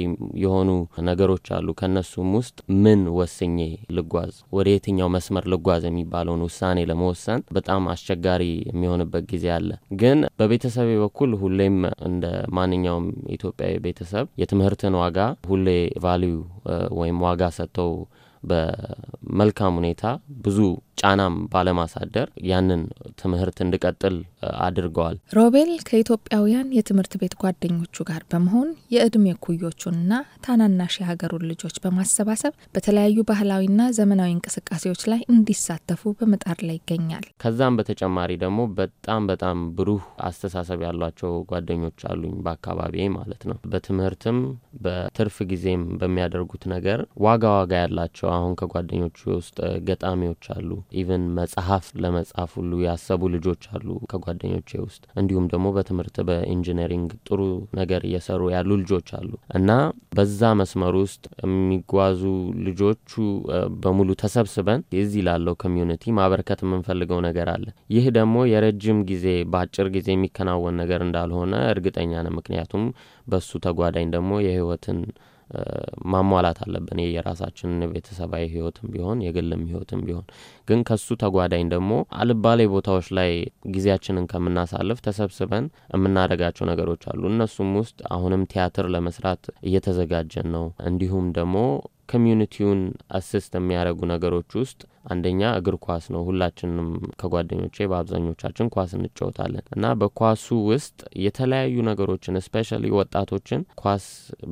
የሆኑ ነገሮች አሉ። ከነሱም ውስጥ ምን ወስኜ ልጓዝ፣ ወደ የትኛው መስመር ልጓዝ የሚባለውን ውሳኔ ለመወሰን በጣም አስቸጋሪ የሚሆንበት ጊዜ አለ። ግን በቤተሰብ በኩል ሁሌም እንደ ማንኛውም ኢትዮጵያዊ ቤተሰብ የትምህርትን ዋጋ ሁሌ ቫሊዩ ወይም ዋጋ ሰጥተው በመልካም ሁኔታ ብዙ ጫናም ባለማሳደር ያንን ትምህርት እንድቀጥል አድርገዋል። ሮቤል ከኢትዮጵያውያን የትምህርት ቤት ጓደኞቹ ጋር በመሆን የእድሜ ኩዮቹንና ታናናሽ የሀገሩን ልጆች በማሰባሰብ በተለያዩ ባህላዊና ዘመናዊ እንቅስቃሴዎች ላይ እንዲሳተፉ በመጣር ላይ ይገኛል። ከዛም በተጨማሪ ደግሞ በጣም በጣም ብሩህ አስተሳሰብ ያሏቸው ጓደኞች አሉኝ በአካባቢ ማለት ነው። በትምህርትም በትርፍ ጊዜም በሚያደርጉት ነገር ዋጋ ዋጋ ያላቸው አሁን ከጓደኞቹ ውስጥ ገጣሚዎች አሉ። ኢቨን መጽሐፍ ለመጻፍ ሁሉ ያሰቡ ልጆች አሉ ከጓደኞቼ ውስጥ። እንዲሁም ደግሞ በትምህርት በኢንጂነሪንግ ጥሩ ነገር እየሰሩ ያሉ ልጆች አሉ እና በዛ መስመር ውስጥ የሚጓዙ ልጆቹ በሙሉ ተሰብስበን እዚህ ላለው ኮሚዩኒቲ ማበረከት የምንፈልገው ነገር አለ። ይህ ደግሞ የረጅም ጊዜ በአጭር ጊዜ የሚከናወን ነገር እንዳልሆነ እርግጠኛ ነው። ምክንያቱም በሱ ተጓዳኝ ደግሞ የህይወትን ማሟላት አለብን። የራሳችንን ቤተሰባዊ ህይወትም ቢሆን የግልም ህይወትም ቢሆን ግን ከሱ ተጓዳኝ ደግሞ አልባሌ ቦታዎች ላይ ጊዜያችንን ከምናሳልፍ ተሰብስበን የምናደርጋቸው ነገሮች አሉ። እነሱም ውስጥ አሁንም ቲያትር ለመስራት እየተዘጋጀን ነው። እንዲሁም ደግሞ ኮሚዩኒቲውን አስስት የሚያደርጉ ነገሮች ውስጥ አንደኛ እግር ኳስ ነው። ሁላችንም ከጓደኞቼ በአብዛኞቻችን ኳስ እንጫወታለን እና በኳሱ ውስጥ የተለያዩ ነገሮችን ስፔሻሊ ወጣቶችን ኳስ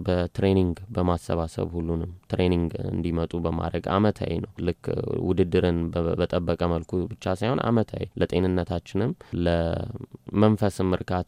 በትሬኒንግ በማሰባሰብ ሁሉንም ትሬኒንግ እንዲመጡ በማድረግ አመታዊ ነው። ልክ ውድድርን በጠበቀ መልኩ ብቻ ሳይሆን አመታዊ ለጤንነታችንም ለመንፈስም እርካታ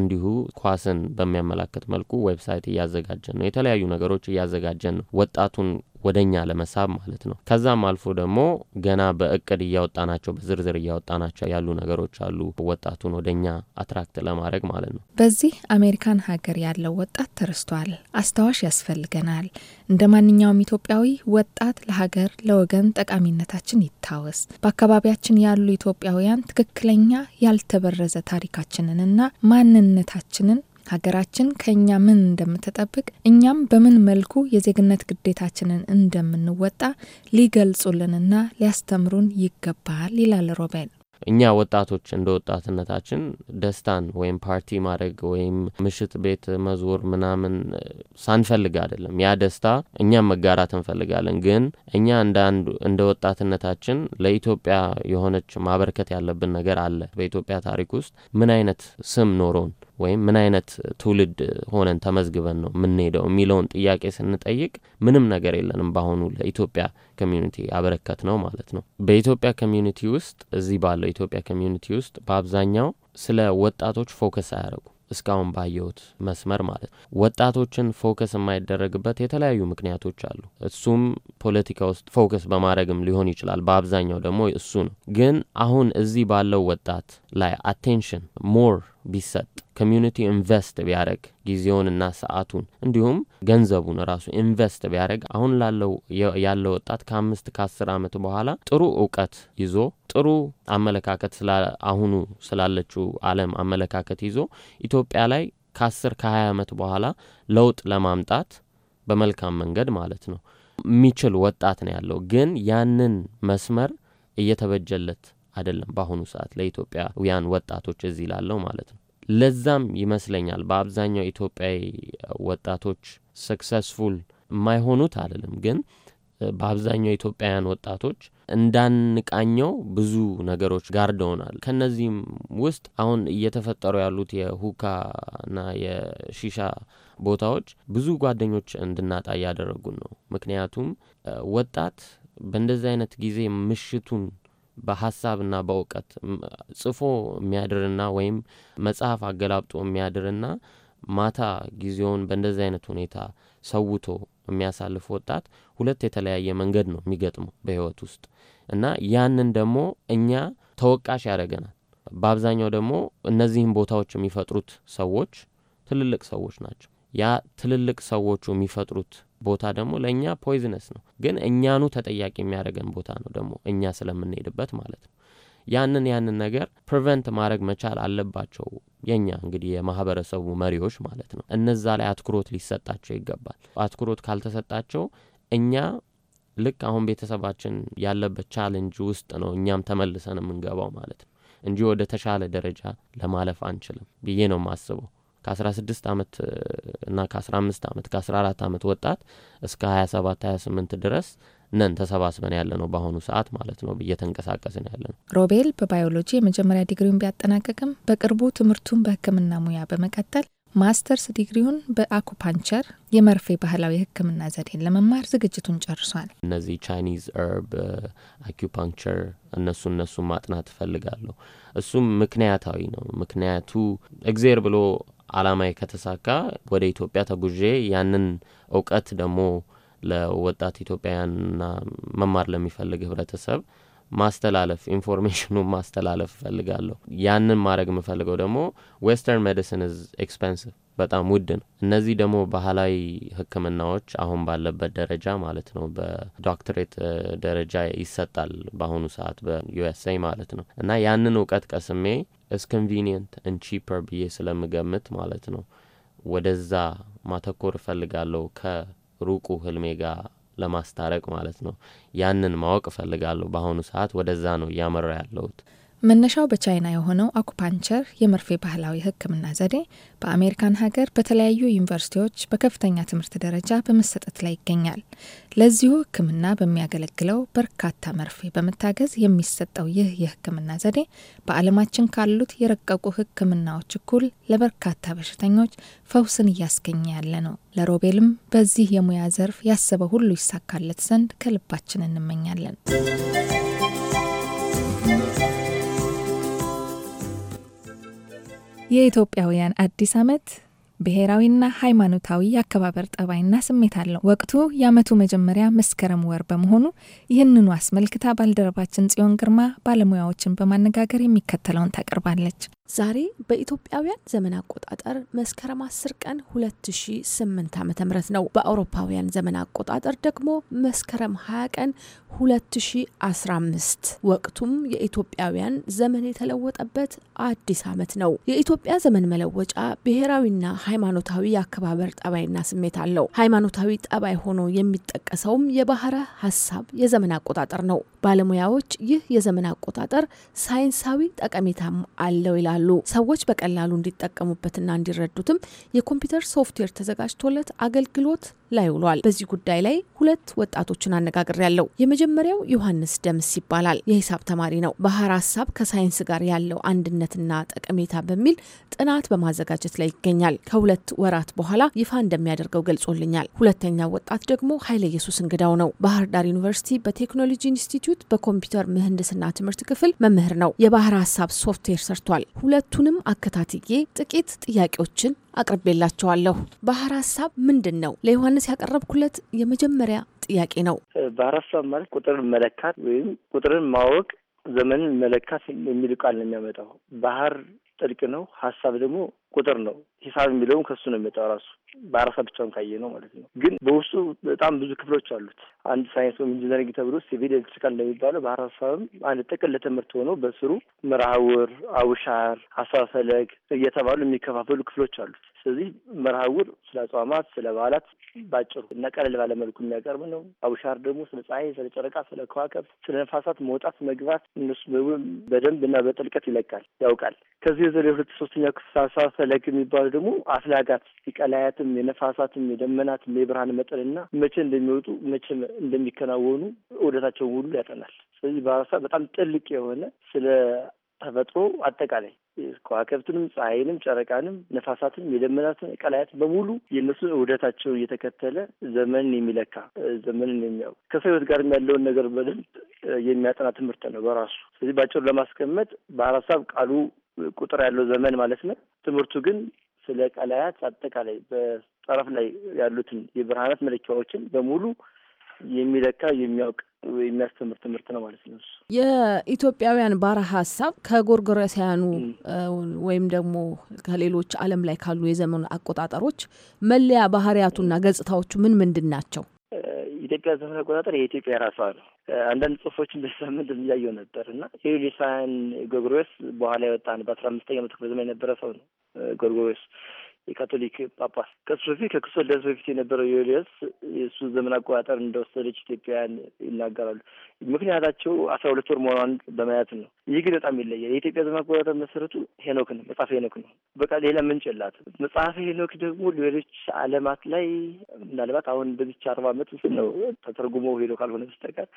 እንዲሁ ኳስን በሚያመላክት መልኩ ዌብሳይት እያዘጋጀን ነው። የተለያዩ ነገሮች እያዘጋጀን ነው። ወጣቱን ወደ እኛ ለመሳብ ማለት ነው። ከዛም አልፎ ደግሞ ገና በእቅድ እያወጣናቸው በዝርዝር እያወጣናቸው ያሉ ነገሮች አሉ፣ ወጣቱን ወደ እኛ አትራክት ለማድረግ ማለት ነው። በዚህ አሜሪካን ሀገር ያለው ወጣት ተረስቷል። አስታዋሽ ያስፈልገናል። እንደ ማንኛውም ኢትዮጵያዊ ወጣት ለሀገር ለወገን ጠቃሚነታችን ይታወስ። በአካባቢያችን ያሉ ኢትዮጵያውያን ትክክለኛ ያልተበረዘ ታሪካችንንና ማንነታችንን ሀገራችን ከእኛ ምን እንደምትጠብቅ እኛም በምን መልኩ የዜግነት ግዴታችንን እንደምንወጣ ሊገልጹልንና ሊያስተምሩን ይገባል ይላል ሮቤል። እኛ ወጣቶች እንደ ወጣትነታችን ደስታን ወይም ፓርቲ ማድረግ ወይም ምሽት ቤት መዞር ምናምን ሳንፈልግ አይደለም። ያ ደስታ እኛም መጋራት እንፈልጋለን። ግን እኛ እንደ ወጣትነታችን ለኢትዮጵያ የሆነች ማበረከት ያለብን ነገር አለ። በኢትዮጵያ ታሪክ ውስጥ ምን አይነት ስም ኖሮን ወይም ምን አይነት ትውልድ ሆነን ተመዝግበን ነው የምንሄደው የሚለውን ጥያቄ ስንጠይቅ ምንም ነገር የለንም በአሁኑ ለኢትዮጵያ ኮሚዩኒቲ ያበረከት ነው ማለት ነው። በኢትዮጵያ ኮሚዩኒቲ ውስጥ እዚህ ባለው ኢትዮጵያ ኮሚኒቲ ውስጥ በአብዛኛው ስለ ወጣቶች ፎከስ አያደርጉ እስካሁን ባየሁት መስመር ማለት ነው። ወጣቶችን ፎከስ የማይደረግበት የተለያዩ ምክንያቶች አሉ። እሱም ፖለቲካ ውስጥ ፎከስ በማድረግም ሊሆን ይችላል። በአብዛኛው ደግሞ እሱ ነው። ግን አሁን እዚህ ባለው ወጣት ላይ አቴንሽን ሞር ቢሰጥ ኮሚዩኒቲ ኢንቨስት ቢያደረግ ጊዜውንና ሰዓቱን እንዲሁም ገንዘቡን ራሱ ኢንቨስት ቢያደረግ አሁን ላለው ያለው ወጣት ከአምስት ከአስር ዓመት በኋላ ጥሩ እውቀት ይዞ ጥሩ አመለካከት አሁኑ ስላለችው አለም አመለካከት ይዞ ኢትዮጵያ ላይ ከአስር ከሀያ ዓመት በኋላ ለውጥ ለማምጣት በመልካም መንገድ ማለት ነው የሚችል ወጣት ነው ያለው። ግን ያንን መስመር እየተበጀለት አይደለም በአሁኑ ሰዓት ለኢትዮጵያውያን ወጣቶች እዚህ ላለው ማለት ነው። ለዛም ይመስለኛል በአብዛኛው ኢትዮጵያዊ ወጣቶች ሰክሰስፉል የማይሆኑት አይደለም፣ ግን በአብዛኛው ኢትዮጵያውያን ወጣቶች እንዳንቃኘው ብዙ ነገሮች ጋርደውናል። ከነዚህም ውስጥ አሁን እየተፈጠሩ ያሉት የሁካ ና የሺሻ ቦታዎች ብዙ ጓደኞች እንድናጣ እያደረጉን ነው። ምክንያቱም ወጣት በእንደዚህ አይነት ጊዜ ምሽቱን በሀሳብና በእውቀት ጽፎ የሚያድርና ወይም መጽሐፍ አገላብጦ የሚያድርና ማታ ጊዜውን በእንደዚህ አይነት ሁኔታ ሰውቶ የሚያሳልፍ ወጣት ሁለት የተለያየ መንገድ ነው የሚገጥመው በህይወት ውስጥ እና ያንን ደግሞ እኛ ተወቃሽ ያደረገናል። በአብዛኛው ደግሞ እነዚህን ቦታዎች የሚፈጥሩት ሰዎች ትልልቅ ሰዎች ናቸው። ያ ትልልቅ ሰዎቹ የሚፈጥሩት ቦታ ደግሞ ለእኛ ፖይዝነስ ነው፣ ግን እኛኑ ተጠያቂ የሚያደርገን ቦታ ነው ደግሞ እኛ ስለምንሄድበት ማለት ነው። ያንን ያንን ነገር ፕሪቨንት ማድረግ መቻል አለባቸው የኛ እንግዲህ የማህበረሰቡ መሪዎች ማለት ነው። እነዛ ላይ አትኩሮት ሊሰጣቸው ይገባል። አትኩሮት ካልተሰጣቸው እኛ ልክ አሁን ቤተሰባችን ያለበት ቻለንጅ ውስጥ ነው እኛም ተመልሰን የምንገባው ማለት ነው እንጂ ወደ ተሻለ ደረጃ ለማለፍ አንችልም ብዬ ነው ማስበው ከ16 ዓመት እና ከ15 ዓመት ከ14 ዓመት ወጣት እስከ 27 28 ድረስ ነን ተሰባስበን ያለ ነው በአሁኑ ሰዓት ማለት ነው እየተንቀሳቀስን ያለ ነው። ሮቤል በባዮሎጂ የመጀመሪያ ዲግሪውን ቢያጠናቀቅም በቅርቡ ትምህርቱን በህክምና ሙያ በመቀጠል ማስተርስ ዲግሪውን በአኩፓንቸር የመርፌ ባህላዊ ህክምና ዘዴን ለመማር ዝግጅቱን ጨርሷል። እነዚህ ቻይኒዝ እርብ፣ አኩፓንቸር እነሱ እነሱ ማጥናት እፈልጋለሁ። እሱም ምክንያታዊ ነው። ምክንያቱ እግዜር ብሎ አላማዬ ከተሳካ ወደ ኢትዮጵያ ተጉዤ ያንን እውቀት ደግሞ ለወጣት ኢትዮጵያውያንና መማር ለሚፈልግ ህብረተሰብ ማስተላለፍ ኢንፎርሜሽኑን ማስተላለፍ እፈልጋለሁ። ያንን ማድረግ የምፈልገው ደግሞ ዌስተርን ሜዲሲን ዝ ኤክስፐንሲቭ በጣም ውድ ነው። እነዚህ ደግሞ ባህላዊ ህክምናዎች አሁን ባለበት ደረጃ ማለት ነው በዶክትሬት ደረጃ ይሰጣል በአሁኑ ሰዓት በዩኤስኤ ማለት ነው። እና ያንን እውቀት ቀስሜ ኢስ ኮንቪኒየንት እን ቺፐር ብዬ ስለምገምት ማለት ነው ወደዛ ማተኮር እፈልጋለሁ ከሩቁ ህልሜ ጋር ለማስታረቅ ማለት ነው። ያንን ማወቅ እፈልጋለሁ። በአሁኑ ሰዓት ወደዛ ነው እያመራ ያለሁት። መነሻው በቻይና የሆነው አኩፓንቸር የመርፌ ባህላዊ ሕክምና ዘዴ በአሜሪካን ሀገር በተለያዩ ዩኒቨርሲቲዎች በከፍተኛ ትምህርት ደረጃ በመሰጠት ላይ ይገኛል። ለዚሁ ሕክምና በሚያገለግለው በርካታ መርፌ በመታገዝ የሚሰጠው ይህ የሕክምና ዘዴ በዓለማችን ካሉት የረቀቁ ሕክምናዎች እኩል ለበርካታ በሽተኞች ፈውስን እያስገኘ ያለ ነው። ለሮቤልም በዚህ የሙያ ዘርፍ ያሰበው ሁሉ ይሳካለት ዘንድ ከልባችን እንመኛለን። የኢትዮጵያውያን አዲስ ዓመት ብሔራዊና ሃይማኖታዊ የአከባበር ጠባይና ስሜት አለው። ወቅቱ የዓመቱ መጀመሪያ መስከረም ወር በመሆኑ ይህንኑ አስመልክታ ባልደረባችን ጽዮን ግርማ ባለሙያዎችን በማነጋገር የሚከተለውን ታቀርባለች። ዛሬ በኢትዮጵያውያን ዘመን አቆጣጠር መስከረም 10 ቀን 2008 ዓ.ም ነው። በአውሮፓውያን ዘመን አቆጣጠር ደግሞ መስከረም 20 ቀን 2015። ወቅቱም የኢትዮጵያውያን ዘመን የተለወጠበት አዲስ ዓመት ነው። የኢትዮጵያ ዘመን መለወጫ ብሔራዊና ሃይማኖታዊ የአከባበር ጠባይና ስሜት አለው። ሃይማኖታዊ ጠባይ ሆኖ የሚጠቀሰውም የባህረ ሀሳብ የዘመን አቆጣጠር ነው። ባለሙያዎች ይህ የዘመን አቆጣጠር ሳይንሳዊ ጠቀሜታም አለው ይላሉ። ይችላሉ። ሰዎች በቀላሉ እንዲጠቀሙበትና እንዲረዱትም የኮምፒውተር ሶፍትዌር ተዘጋጅቶለት አገልግሎት ላይ ውሏል። በዚህ ጉዳይ ላይ ሁለት ወጣቶችን አነጋግር ያለው የመጀመሪያው ዮሐንስ ደምስ ይባላል። የሂሳብ ተማሪ ነው። ባህር ሀሳብ ከሳይንስ ጋር ያለው አንድነትና ጠቀሜታ በሚል ጥናት በማዘጋጀት ላይ ይገኛል። ከሁለት ወራት በኋላ ይፋ እንደሚያደርገው ገልጾልኛል። ሁለተኛው ወጣት ደግሞ ኃይለ ኢየሱስ እንግዳው ነው። ባህር ዳር ዩኒቨርሲቲ በቴክኖሎጂ ኢንስቲትዩት በኮምፒውተር ምህንድስና ትምህርት ክፍል መምህር ነው። የባህር ሀሳብ ሶፍትዌር ሰርቷል። ሁለቱንም አከታትዬ ጥቂት ጥያቄዎችን አቅርቤላቸዋለሁ። ባህር ሀሳብ ምንድን ነው? ለዮሐንስ ያቀረብኩለት የመጀመሪያ ጥያቄ ነው። ባህር ሀሳብ ማለት ቁጥርን መለካት ወይም ቁጥርን ማወቅ ዘመንን መለካት የሚል ቃል ነው የሚያመጣው። ባህር ጥልቅ ነው፣ ሀሳብ ደግሞ ቁጥር ነው። ሂሳብ የሚለውም ከሱ ነው የሚመጣው። ራሱ በአራሳ ብቻውን ካየ ነው ማለት ነው። ግን በውስጡ በጣም ብዙ ክፍሎች አሉት። አንድ ሳይንስ ወይም ኢንጂነሪንግ ተብሎ ሲቪል ኤሌክትሪካል እንደሚባለው ባህር ሀሳብም አንድ ጥቅል ለትምህርት ሆኖ በስሩ መርሃ አውሻር፣ አሳፈለግ እየተባሉ የሚከፋፈሉ ክፍሎች አሉት። ስለዚህ መርሃውር ስለ አጽዋማት፣ ስለ በዓላት ባጭሩ እና ቀለል ባለመልኩ የሚያቀርብ ነው። አቡሻር ደግሞ ስለ ፀሐይ፣ ስለ ጨረቃ፣ ስለ ከዋከብ ስለ ነፋሳት መውጣት መግባት እነሱ በደንብ እና በጥልቀት ይለቃል ያውቃል። ከዚህ የዘለ ሁለት ሶስተኛ ክሳሳ ፈለግ የሚባሉ ደግሞ አፍላጋት የቀላያትም፣ የነፋሳትም፣ የደመናትም የብርሃን መጠንና መቼ እንደሚወጡ መቼ እንደሚከናወኑ እውደታቸውን ሁሉ ያጠናል። ስለዚህ በራሳ በጣም ጥልቅ የሆነ ስለ ተፈጥሮ አጠቃላይ ከዋክብትንም ፀሐይንም ጨረቃንም ነፋሳትንም የደመናትን ቀላያት በሙሉ የእነሱን እውደታቸው እየተከተለ ዘመንን የሚለካ ዘመንን የሚያውቅ ከሰው ህይወት ጋርም ያለውን ነገር በደንብ የሚያጠና ትምህርት ነው በራሱ። ስለዚህ ባጭሩ ለማስቀመጥ በሀሳብ ቃሉ ቁጥር ያለው ዘመን ማለት ነው። ትምህርቱ ግን ስለ ቀላያት አጠቃላይ በጠረፍ ላይ ያሉትን የብርሃናት መለኪያዎችን በሙሉ የሚለካ የሚያውቅ የሚያስተምር ትምህርት ነው ማለት ነው። እሱ የኢትዮጵያውያን ባረ ሀሳብ ከጎርጎረሲያኑ ወይም ደግሞ ከሌሎች ዓለም ላይ ካሉ የዘመኑ አቆጣጠሮች መለያ ባህሪያቱና ገጽታዎቹ ምን ምንድን ናቸው? ኢትዮጵያ ዘመን አቆጣጠር የኢትዮጵያ ራሷ ነው። አንዳንድ ጽሁፎች እንደሳምንት እያየው ነበር እና ዩሊሳን ጎርጎሮስ በኋላ የወጣን በአስራ አምስተኛ መቶ ክፍለ ዘመን የነበረ ሰው ነው ጎርጎሮስ የካቶሊክ ጳጳስ ከሱ በፊት ከክርስቶስ ልደት በፊት የነበረው ዮልዮስ የእሱ ዘመን አቆጣጠር እንደወሰደች ኢትዮጵያውያን ይናገራሉ። ምክንያታቸው አስራ ሁለት ወር መሆኗን በማየት ነው። ይህ ግን በጣም ይለያል። የኢትዮጵያ ዘመን አቆጣጠር መሰረቱ ሄኖክ ነው፣ መጽሐፍ ሄኖክ ነው። በቃ ሌላ ምንጭ የላት። መጽሐፍ ሄኖክ ደግሞ ሌሎች ዓለማት ላይ ምናልባት አሁን በዚች አርባ ዓመት ውስጥ ነው ተተርጉሞ ሄዶ ካልሆነ በስተቀር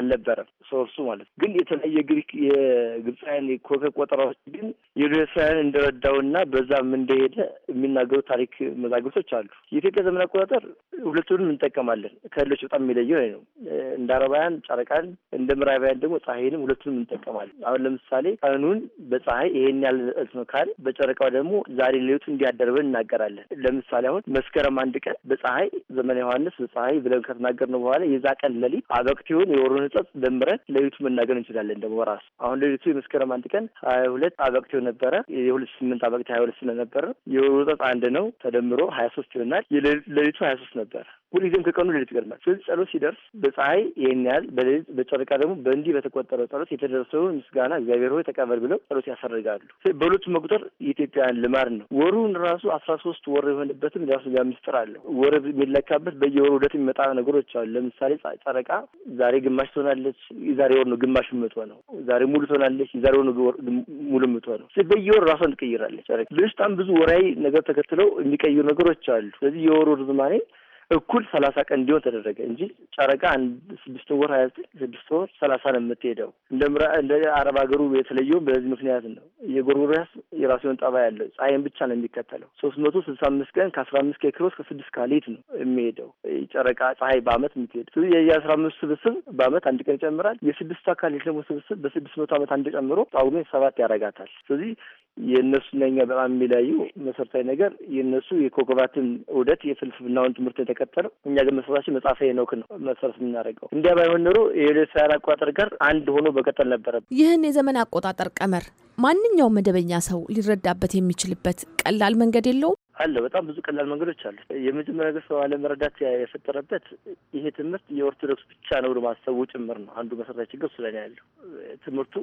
አልነበረም ሶርሱ ማለት ግን የተለያየ ግሪክ የግብፃውያን የኮከብ ቆጠራዎች ግን የግብፃውያን እንደረዳውና በዛም እንደሄደ የሚናገሩ ታሪክ መዛግብቶች አሉ። የኢትዮጵያ ዘመን አቆጣጠር ሁለቱንም እንጠቀማለን። ከሌሎች በጣም የሚለየው ነው። እንደ አረባውያን ጨረቃን፣ እንደ ምዕራባውያን ደግሞ ፀሐይንም ሁለቱንም እንጠቀማለን። አሁን ለምሳሌ ቀኑን በፀሐይ ይሄን ያህል ካል በጨረቃው ደግሞ ዛሬ ሌሊቱ እንዲያደርበን እናገራለን። ለምሳሌ አሁን መስከረም አንድ ቀን በፀሐይ ዘመነ ዮሐንስ በፀሐይ ብለን ከተናገር ነው በኋላ የዛ ቀን ሌሊት አበቅት ይሁን የወሩን በንጸጽ ደምረን ለዩቱ መናገር እንችላለን። ደግሞ ራሱ አሁን ለዩቱ የመስከረም አንድ ቀን ሀያ ሁለት አበቅቴው ነበረ የሁለት ስምንት አበቅቴ ሀያ ሁለት ስለነበረ የወጠጥ አንድ ነው ተደምሮ ሀያ ሶስት ይሆናል። ለዩቱ ሀያ ሶስት ነበር። ሁልጊዜም ከቀኑ ሌሊት ይቀድማል። ስለዚህ ጸሎት ሲደርስ በፀሐይ ይህን ያህል በሌሊት በጨረቃ ደግሞ በእንዲህ በተቆጠረው ጸሎት የተደረሰውን ምስጋና እግዚአብሔር ሆይ ተቀበል ብለው ጸሎት ያፈርጋሉ። በሁለቱ መቁጠር የኢትዮጵያን ልማድ ነው። ወሩን ራሱ አስራ ሶስት ወር የሆነበትም ራሱ ጋ ምስጢር አለው። ወር የሚለካበት በየወሩ ሁለት የሚመጣ ነገሮች አሉ። ለምሳሌ ጨረቃ ዛሬ ግማሽ ትሆናለች። የዛሬ ወር ነው ግማሽ ነው። ዛሬ ሙሉ ትሆናለች። የዛሬ ወር ነው ሙሉ የምትሆነው። በየወሩ ራሷን ትቀይራለች። በጣም ብዙ ወራዊ ነገር ተከትለው የሚቀይሩ ነገሮች አሉ። ስለዚህ የወሩ ርዝማኔ እኩል ሰላሳ ቀን እንዲሆን ተደረገ እንጂ ጨረቃ ስድስት ወር ሀያ ዘጠኝ ስድስት ወር ሰላሳ ነው የምትሄደው። እንደ አረብ ሀገሩ የተለየውም በዚህ ምክንያት ነው። የጎርጎርያስ የራሱን ጠባይ ያለው ፀሐይን ብቻ ነው የሚከተለው። ሶስት መቶ ስልሳ አምስት ቀን ከአስራ አምስት ኬክሮስ ከስድስት ካሌት ነው የሚሄደው ጨረቃ ፀሐይ በአመት የምትሄድ የአስራ አምስት ስብስብ በአመት አንድ ቀን ይጨምራል። የስድስቱ ካሌት ደግሞ ስብስብ በስድስት መቶ አመት አንድ ጨምሮ ጳጉሜ ሰባት ያረጋታል። ስለዚህ የእነሱና የእኛ በጣም የሚለያዩ መሰረታዊ ነገር የእነሱ የኮከባትን ውደት የፍልስፍናውን ትምህርት የተከተለው እኛ ግን መሰረታችን መጽሐፈ ሄኖክ ነው መሰረት የምናደርገው። እንዲያ ባይሆን ኖሮ የሌሎች ሳያን አቆጣጠር ጋር አንድ ሆኖ በቀጠል ነበረ። ይህን የዘመን አቆጣጠር ቀመር ማንኛውም መደበኛ ሰው ሊረዳበት የሚችልበት ቀላል መንገድ የለውም? አለ። በጣም ብዙ ቀላል መንገዶች አሉ። የመጀመሪያ ገር ሰው አለመረዳት የፈጠረበት ይሄ ትምህርት የኦርቶዶክስ ብቻ ነው ብሎ ማሰቡ ጭምር ነው። አንዱ መሰረታዊ ችግር ስለኛ ያለው። ትምህርቱ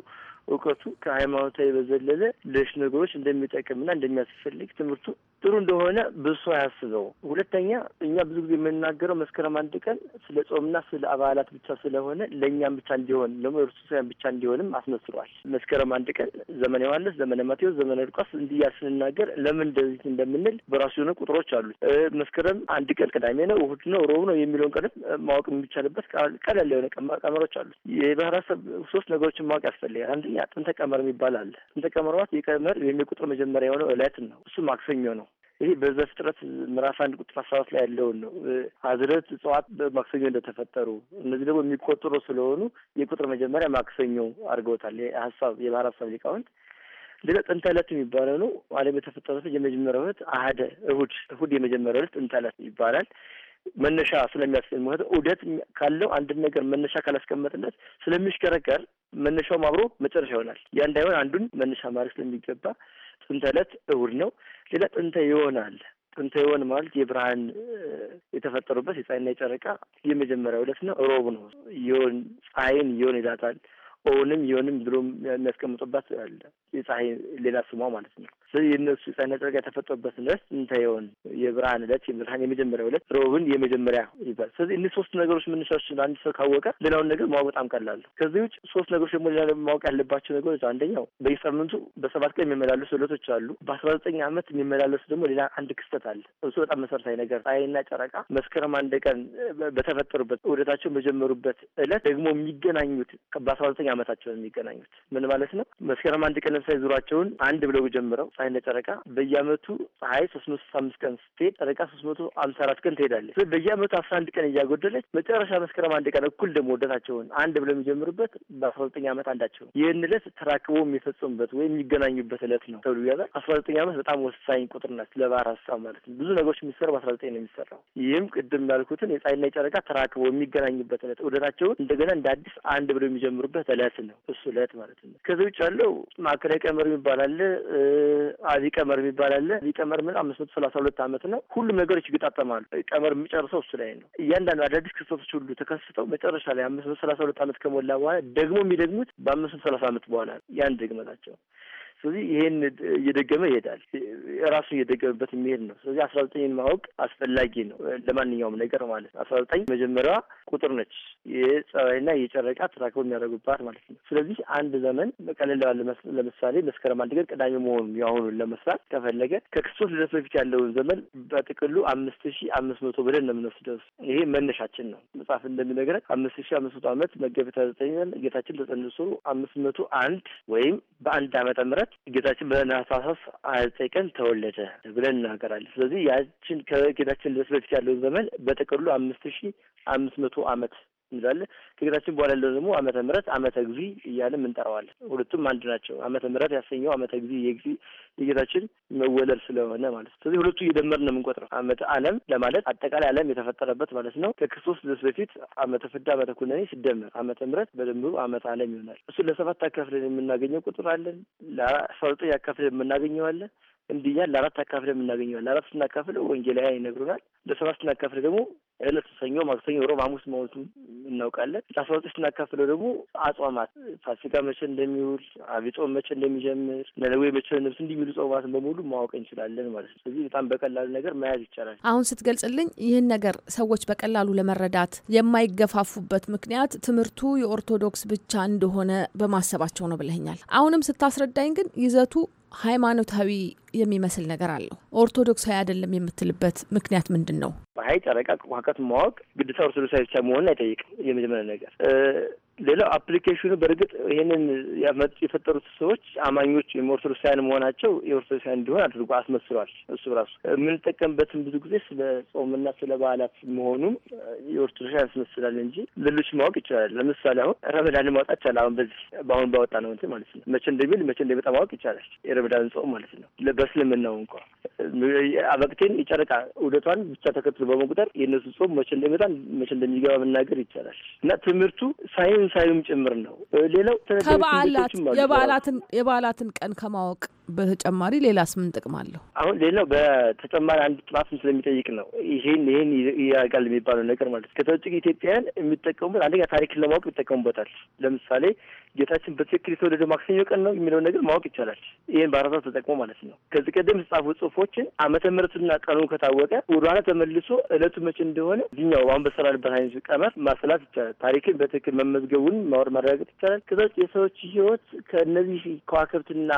እውቀቱ ከሃይማኖታዊ በዘለለ ሌሎች ነገሮች እንደሚጠቅምና እንደሚያስፈልግ ትምህርቱ ጥሩ እንደሆነ ብሶ አያስበው። ሁለተኛ እኛ ብዙ ጊዜ የምንናገረው መስከረም አንድ ቀን ስለ ጾምና ስለ አባላት ብቻ ስለሆነ ለእኛም ብቻ እንዲሆን ደግሞ ኦርቶዶክሳውያን ብቻ እንዲሆንም አስመስሏል። መስከረም አንድ ቀን ዘመነ ዮሐንስ፣ ዘመነ ማቴዎስ፣ ዘመነ ሉቃስ እንዲያል ስንናገር ለምን እንደዚህ እንደምንል በራሱ የሆነ ቁጥሮች አሉ። መስከረም አንድ ቀን ቅዳሜ ነው፣ እሁድ ነው፣ ሮብ ነው የሚለውን ቀንም ማወቅ የሚቻልበት ቀላል የሆነ ቀመሮች አሉ። የማህበረሰብ ሶስት ነገሮችን ማወቅ ያስፈልጋል። ሁለተኛ ጥንተ ቀመር የሚባል አለ። ጥንተ ቀመር ማለት የቀመር የቁጥር መጀመሪያ የሆነው እለት ነው። እሱ ማክሰኞ ነው። ይሄ በዘፍጥረት ምዕራፍ አንድ ቁጥር አስራ ሶስት ላይ ያለውን ነው። አዝረት እጽዋት ማክሰኞ እንደተፈጠሩ እነዚህ ደግሞ የሚቆጥሩ ስለሆኑ የቁጥር መጀመሪያ ማክሰኞ አድርገውታል። ሀሳብ የባህር ሀሳብ ሊቃውንት ሌላ ጥንተ ዕለት የሚባለው ነው። ዓለም የተፈጠረበት የመጀመሪያ ዕለት አህደ እሁድ እሁድ የመጀመሪያ ዕለት ጥንተ ዕለት ይባላል። መነሻ ስለሚያስገኝ ስለሚያስቀምጥ ውደት ካለው አንድን ነገር መነሻ ካላስቀመጥነት ስለሚሽከረከር መነሻውም አብሮ መጨረሻ ይሆናል። ያ እንዳይሆን አንዱን መነሻ ማድረግ ስለሚገባ ጥንተ ዕለት እሑድ ነው። ሌላ ጥንተ ይሆናል። ጥንተ ይሆን ማለት የብርሃን የተፈጠሩበት የፀሐይና የጨረቃ የመጀመሪያ ዕለት ነው። ሮብ ነው። ይሆን ፀሐይን ይሆን ይላታል። ኦውንም ይሆንም ብሎ የሚያስቀምጡባት አለ። የፀሐይ ሌላ ስሟ ማለት ነው። የእነሱ ሕፃን ጸጋ የተፈጠሩበት ዕለት እንታየውን የብርሃን ዕለት የብርሃን የመጀመሪያው ዕለት ሮብን የመጀመሪያ ይባል። ስለዚህ እኒህ ሶስት ነገሮች መነሻዎች አንድ ሰው ካወቀ ሌላውን ነገር ማወቅ በጣም ቀላሉ። ከዚህ ውጭ ሶስት ነገሮች ደግሞ ሌላ ማወቅ ያለባቸው ነገሮች አንደኛው በየሳምንቱ በሰባት ቀን የሚመላለሱ ዕለቶች አሉ። በአስራ ዘጠኝ ዓመት የሚመላለሱ ደግሞ ሌላ አንድ ክስተት አለ። እሱ በጣም መሰረታዊ ነገር ፀሐይና ጨረቃ መስከረም አንድ ቀን በተፈጠሩበት ውደታቸው በጀመሩበት ዕለት ደግሞ የሚገናኙት በአስራ ዘጠኝ ዓመታቸው የሚገናኙት። ምን ማለት ነው? መስከረም አንድ ቀን ለምሳሌ ዙሯቸውን አንድ ብለው ጀምረው ፀሐይና ጨረቃ በየአመቱ ፀሐይ ሶስት መቶ ስልሳ አምስት ቀን ስትሄድ ጨረቃ ሶስት መቶ አምሳ አራት ቀን ትሄዳለች። በየአመቱ አስራ አንድ ቀን እያጎደለች መጨረሻ መስከረም አንድ ቀን እኩል ደግሞ ወደታቸውን አንድ ብለው የሚጀምሩበት በአስራ ዘጠኝ አመት አንዳቸው ይህን ዕለት ተራክቦ የሚፈጽሙበት ወይም የሚገናኙበት እለት ነው ተብሎ ይያዛል። አስራ ዘጠኝ አመት በጣም ወሳኝ ቁጥር ናት ለባህር ሀሳብ ማለት ነው። ብዙ ነገሮች የሚሰራው በአስራ ዘጠኝ ነው የሚሰራው። ይህም ቅድም ያልኩትን የፀሐይና የጨረቃ ተራክቦ የሚገናኙበት እለት ወደታቸውን እንደገና እንደ አዲስ አንድ ብለው የሚጀምሩበት እለት ነው እሱ እለት ማለት ነው። ከዚህ ውጭ ያለው ማዕከላዊ ቀመር የሚባል አለ። አዚ ቀመር የሚባል አለ። አዚ ቀመር ምን አምስት መቶ ሰላሳ ሁለት አመት ነው። ሁሉም ነገሮች ይገጣጠማሉ። ቀመር የሚጨርሰው እሱ ላይ ነው። እያንዳንዱ አዳዲስ ክስተቶች ሁሉ ተከስተው መጨረሻ ላይ አምስት መቶ ሰላሳ ሁለት አመት ከሞላ በኋላ ደግሞ የሚደግሙት በአምስት መቶ ሰላሳ አመት በኋላ ያን ደግመታቸው ስለዚህ ይሄን እየደገመ ይሄዳል። ራሱን እየደገመበት የሚሄድ ነው። ስለዚህ አስራ ዘጠኝን ማወቅ አስፈላጊ ነው ለማንኛውም ነገር ማለት ነው። አስራ ዘጠኝ መጀመሪያ ቁጥር ነች፣ የፀሐይና የጨረቃ ተራክበው የሚያደርጉባት ማለት ነው። ስለዚህ አንድ ዘመን ቀለል ባለ ለምሳሌ መስከረም አንድ ቀን ቅዳሜ መሆኑን የአሁኑን ለመስራት ከፈለገ ከክርስቶስ ልደት በፊት ያለውን ዘመን በጥቅሉ አምስት ሺ አምስት መቶ ብለን ነው የምንወስደው። ይሄ መነሻችን ነው። መጽሐፍ እንደሚነግረን አምስት ሺ አምስት መቶ ዓመት መጋቢት ዘጠኝ ጌታችን ተጸንሶ አምስት መቶ አንድ ወይም በአንድ ዓመተ ምሕረት ጌታችን በነሐሴ ሀያ ዘጠኝ ቀን ተወለደ ብለን እናገራለን። ስለዚህ ያችን ከጌታችን ልደት በፊት ያለውን ዘመን በጥቅሉ አምስት ሺ አምስት መቶ ዓመት እንላለን። ከጌታችን በኋላ ያለው ደግሞ አመተ ምሕረት አመተ ጊዜ እያለ እንጠራዋለን። ሁለቱም አንድ ናቸው። ዓመተ ምረት ያሰኘው አመተ ጊዜ የጊዜ የጌታችን መወለድ ስለሆነ ማለት ስለዚህ ሁለቱ እየደመር ነው የምንቆጥረው። አመተ ዓለም ለማለት አጠቃላይ ዓለም የተፈጠረበት ማለት ነው። ከክርስቶስ ልደት በፊት አመተ ፍዳ አመተ ኩነኔ ሲደመር ዓመተ ምሕረት በድምሩ አመተ ዓለም ይሆናል። እሱን ለሰባት አካፍለን የምናገኘው ቁጥር አለን። ለአስራ ዘጠኝ አካፍለን የምናገኘዋለን እንዲኛ ለአራት አካፍለ የምናገኘዋል። ለአራት ስናካፍል ወንጌላውያን ይነግሩናል። ለሰባት ስናካፍል ደግሞ ዕለት ሰኞ፣ ማክሰኞ፣ ሮብ፣ ሐሙስ መሆኑን እናውቃለን። ለአስራ ዘጠኝ ስናካፍለው ደግሞ አጽዋማት ፋሲካ መቼ እንደሚውል፣ አብይ ጾም መቼ እንደሚጀምር፣ ነነዌ መቼ ነብስ እንዲሚሉ ጾማትን በሙሉ ማወቅ እንችላለን ማለት ነው። ስለዚህ በጣም በቀላሉ ነገር መያዝ ይቻላል። አሁን ስትገልጽልኝ ይህን ነገር ሰዎች በቀላሉ ለመረዳት የማይገፋፉበት ምክንያት ትምህርቱ የኦርቶዶክስ ብቻ እንደሆነ በማሰባቸው ነው ብለኛል። አሁንም ስታስረዳኝ ግን ይዘቱ ሃይማኖታዊ የሚመስል ነገር አለው። ኦርቶዶክሳዊ አይደለም የምትልበት ምክንያት ምንድን ነው? በሀይ ጨረቃ ከዋክብት ማወቅ ግዴታ ኦርቶዶክሳዊ ብቻ መሆን አይጠይቅም። የመጀመሪያ ነገር ሌላው አፕሊኬሽኑ በእርግጥ ይህንን የፈጠሩት ሰዎች አማኞች ወይም ኦርቶዶክሳውያን መሆናቸው የኦርቶዶክሳውያን እንዲሆን አድርጎ አስመስሏል እሱ ራሱ የምንጠቀምበትም ብዙ ጊዜ ስለ ጾምና ስለ በዓላት መሆኑ የኦርቶዶክስ ያስመስላል እንጂ ሌሎች ማወቅ ይቻላል። ለምሳሌ አሁን ረመዳን ማውጣት ይቻላል። አሁን በዚህ በአሁን ባወጣ ነው እንትን ማለት ነው መቼ እንደሚል መቼ እንደሚወጣ ማወቅ ይቻላል። የረመዳን ጾም ማለት ነው። በእስልምናው እንኳ አበቅቴን የጨረቃ ውደቷን ብቻ ተከትሎ በመቁጠር የእነሱ ጾም መቼ እንደሚመጣ መቼ እንደሚገባ መናገር ይቻላል እና ትምህርቱ ሳይንስ ሳይም ጭምር ነው። ሌላው ከበዓላት የበዓላትን የበዓላትን ቀን ከማወቅ በተጨማሪ ሌላ ስምን ጥቅም አለው? አሁን ሌላው በተጨማሪ አንድ ጥናትም ስለሚጠይቅ ነው ይሄን ይሄን ያጋል የሚባለው ነገር ማለት ነው። ከዛ ኢትዮጵያውያን የሚጠቀሙበት አንደኛ ታሪክን ለማወቅ ይጠቀሙበታል። ለምሳሌ ጌታችን በትክክል የተወለደ ማክሰኞ ቀን ነው የሚለውን ነገር ማወቅ ይቻላል። ይህን በአራሳት ተጠቅሞ ማለት ነው። ከዚህ ቀደም የተጻፉ ጽሁፎችን አመተ ምሕረቱና ቀኑ ከታወቀ ወደኋላ ተመልሶ እለቱ መቼ እንደሆነ እዚኛው አሁን በሰራንበት አይነት ቀመር ማሰላት ይቻላል። ታሪክን በትክክል መመዝገቡን ማወር ማረጋገጥ ይቻላል። ከዛ የሰዎች ህይወት ከእነዚህ ከዋክብትና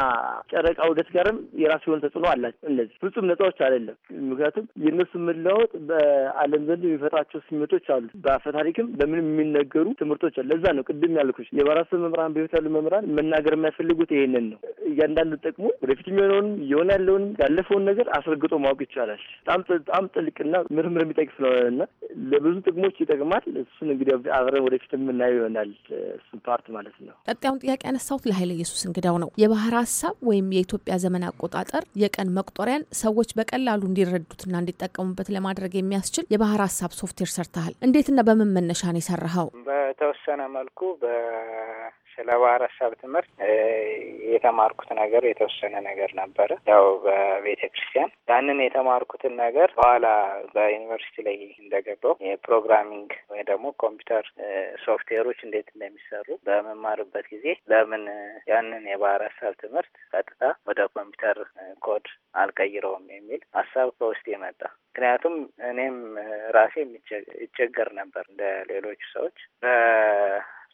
ጨረ የእቃ ውደት ጋርም የራሱ የሆነ ተጽዕኖ አላቸው። እነዚህ ፍጹም ነጻዎች አይደለም። ምክንያቱም የእነሱ መለወጥ በዓለም ዘንድ የሚፈጥራቸው ስሜቶች አሉ። በአፈታሪክም በምንም የሚነገሩ ትምህርቶች አሉ። ለዛ ነው ቅድም ያልኩሽ የበራስ መምህራን በሕይወት ያሉ መምህራን መናገር የሚያስፈልጉት ይሄንን ነው። እያንዳንዱ ጥቅሙ ወደፊት የሚሆነውንም እየሆነ ያለውን ያለፈውን ነገር አስረግጦ ማወቅ ይቻላል። በጣም ጥልቅና ምርምር የሚጠይቅ ስለሆነና ለብዙ ጥቅሞች ይጠቅማል። እሱን እንግዲህ አብረን ወደፊት የምናየው ይሆናል። እሱን ፓርት ማለት ነው። ቀጣዩን ጥያቄ ያነሳሁት ለኃይለ ኢየሱስ እንግዳው ነው የባህር ሀሳብ ወይም የኢትዮጵያ ዘመን አቆጣጠር የቀን መቁጠሪያን ሰዎች በቀላሉ እንዲረዱትና እንዲጠቀሙበት ለማድረግ የሚያስችል የባህር ሀሳብ ሶፍትዌር ሰርተሃል። እንዴትና በምን መነሻ ነው የሰራኸው? በተወሰነ መልኩ ስለ ባህር ሀሳብ ትምህርት የተማርኩት ነገር የተወሰነ ነገር ነበረ። ያው በቤተ ክርስቲያን ያንን የተማርኩትን ነገር በኋላ በዩኒቨርሲቲ ላይ እንደገባው የፕሮግራሚንግ ወይ ደግሞ ኮምፒውተር ሶፍትዌሮች እንዴት እንደሚሰሩ በመማርበት ጊዜ ለምን ያንን የባህር ሀሳብ ትምህርት ቀጥታ ወደ ኮምፒውተር ኮድ አልቀይረውም የሚል ሀሳብ ከውስጥ የመጣ ምክንያቱም እኔም ራሴ ይቸገር ነበር እንደ ሌሎች ሰዎች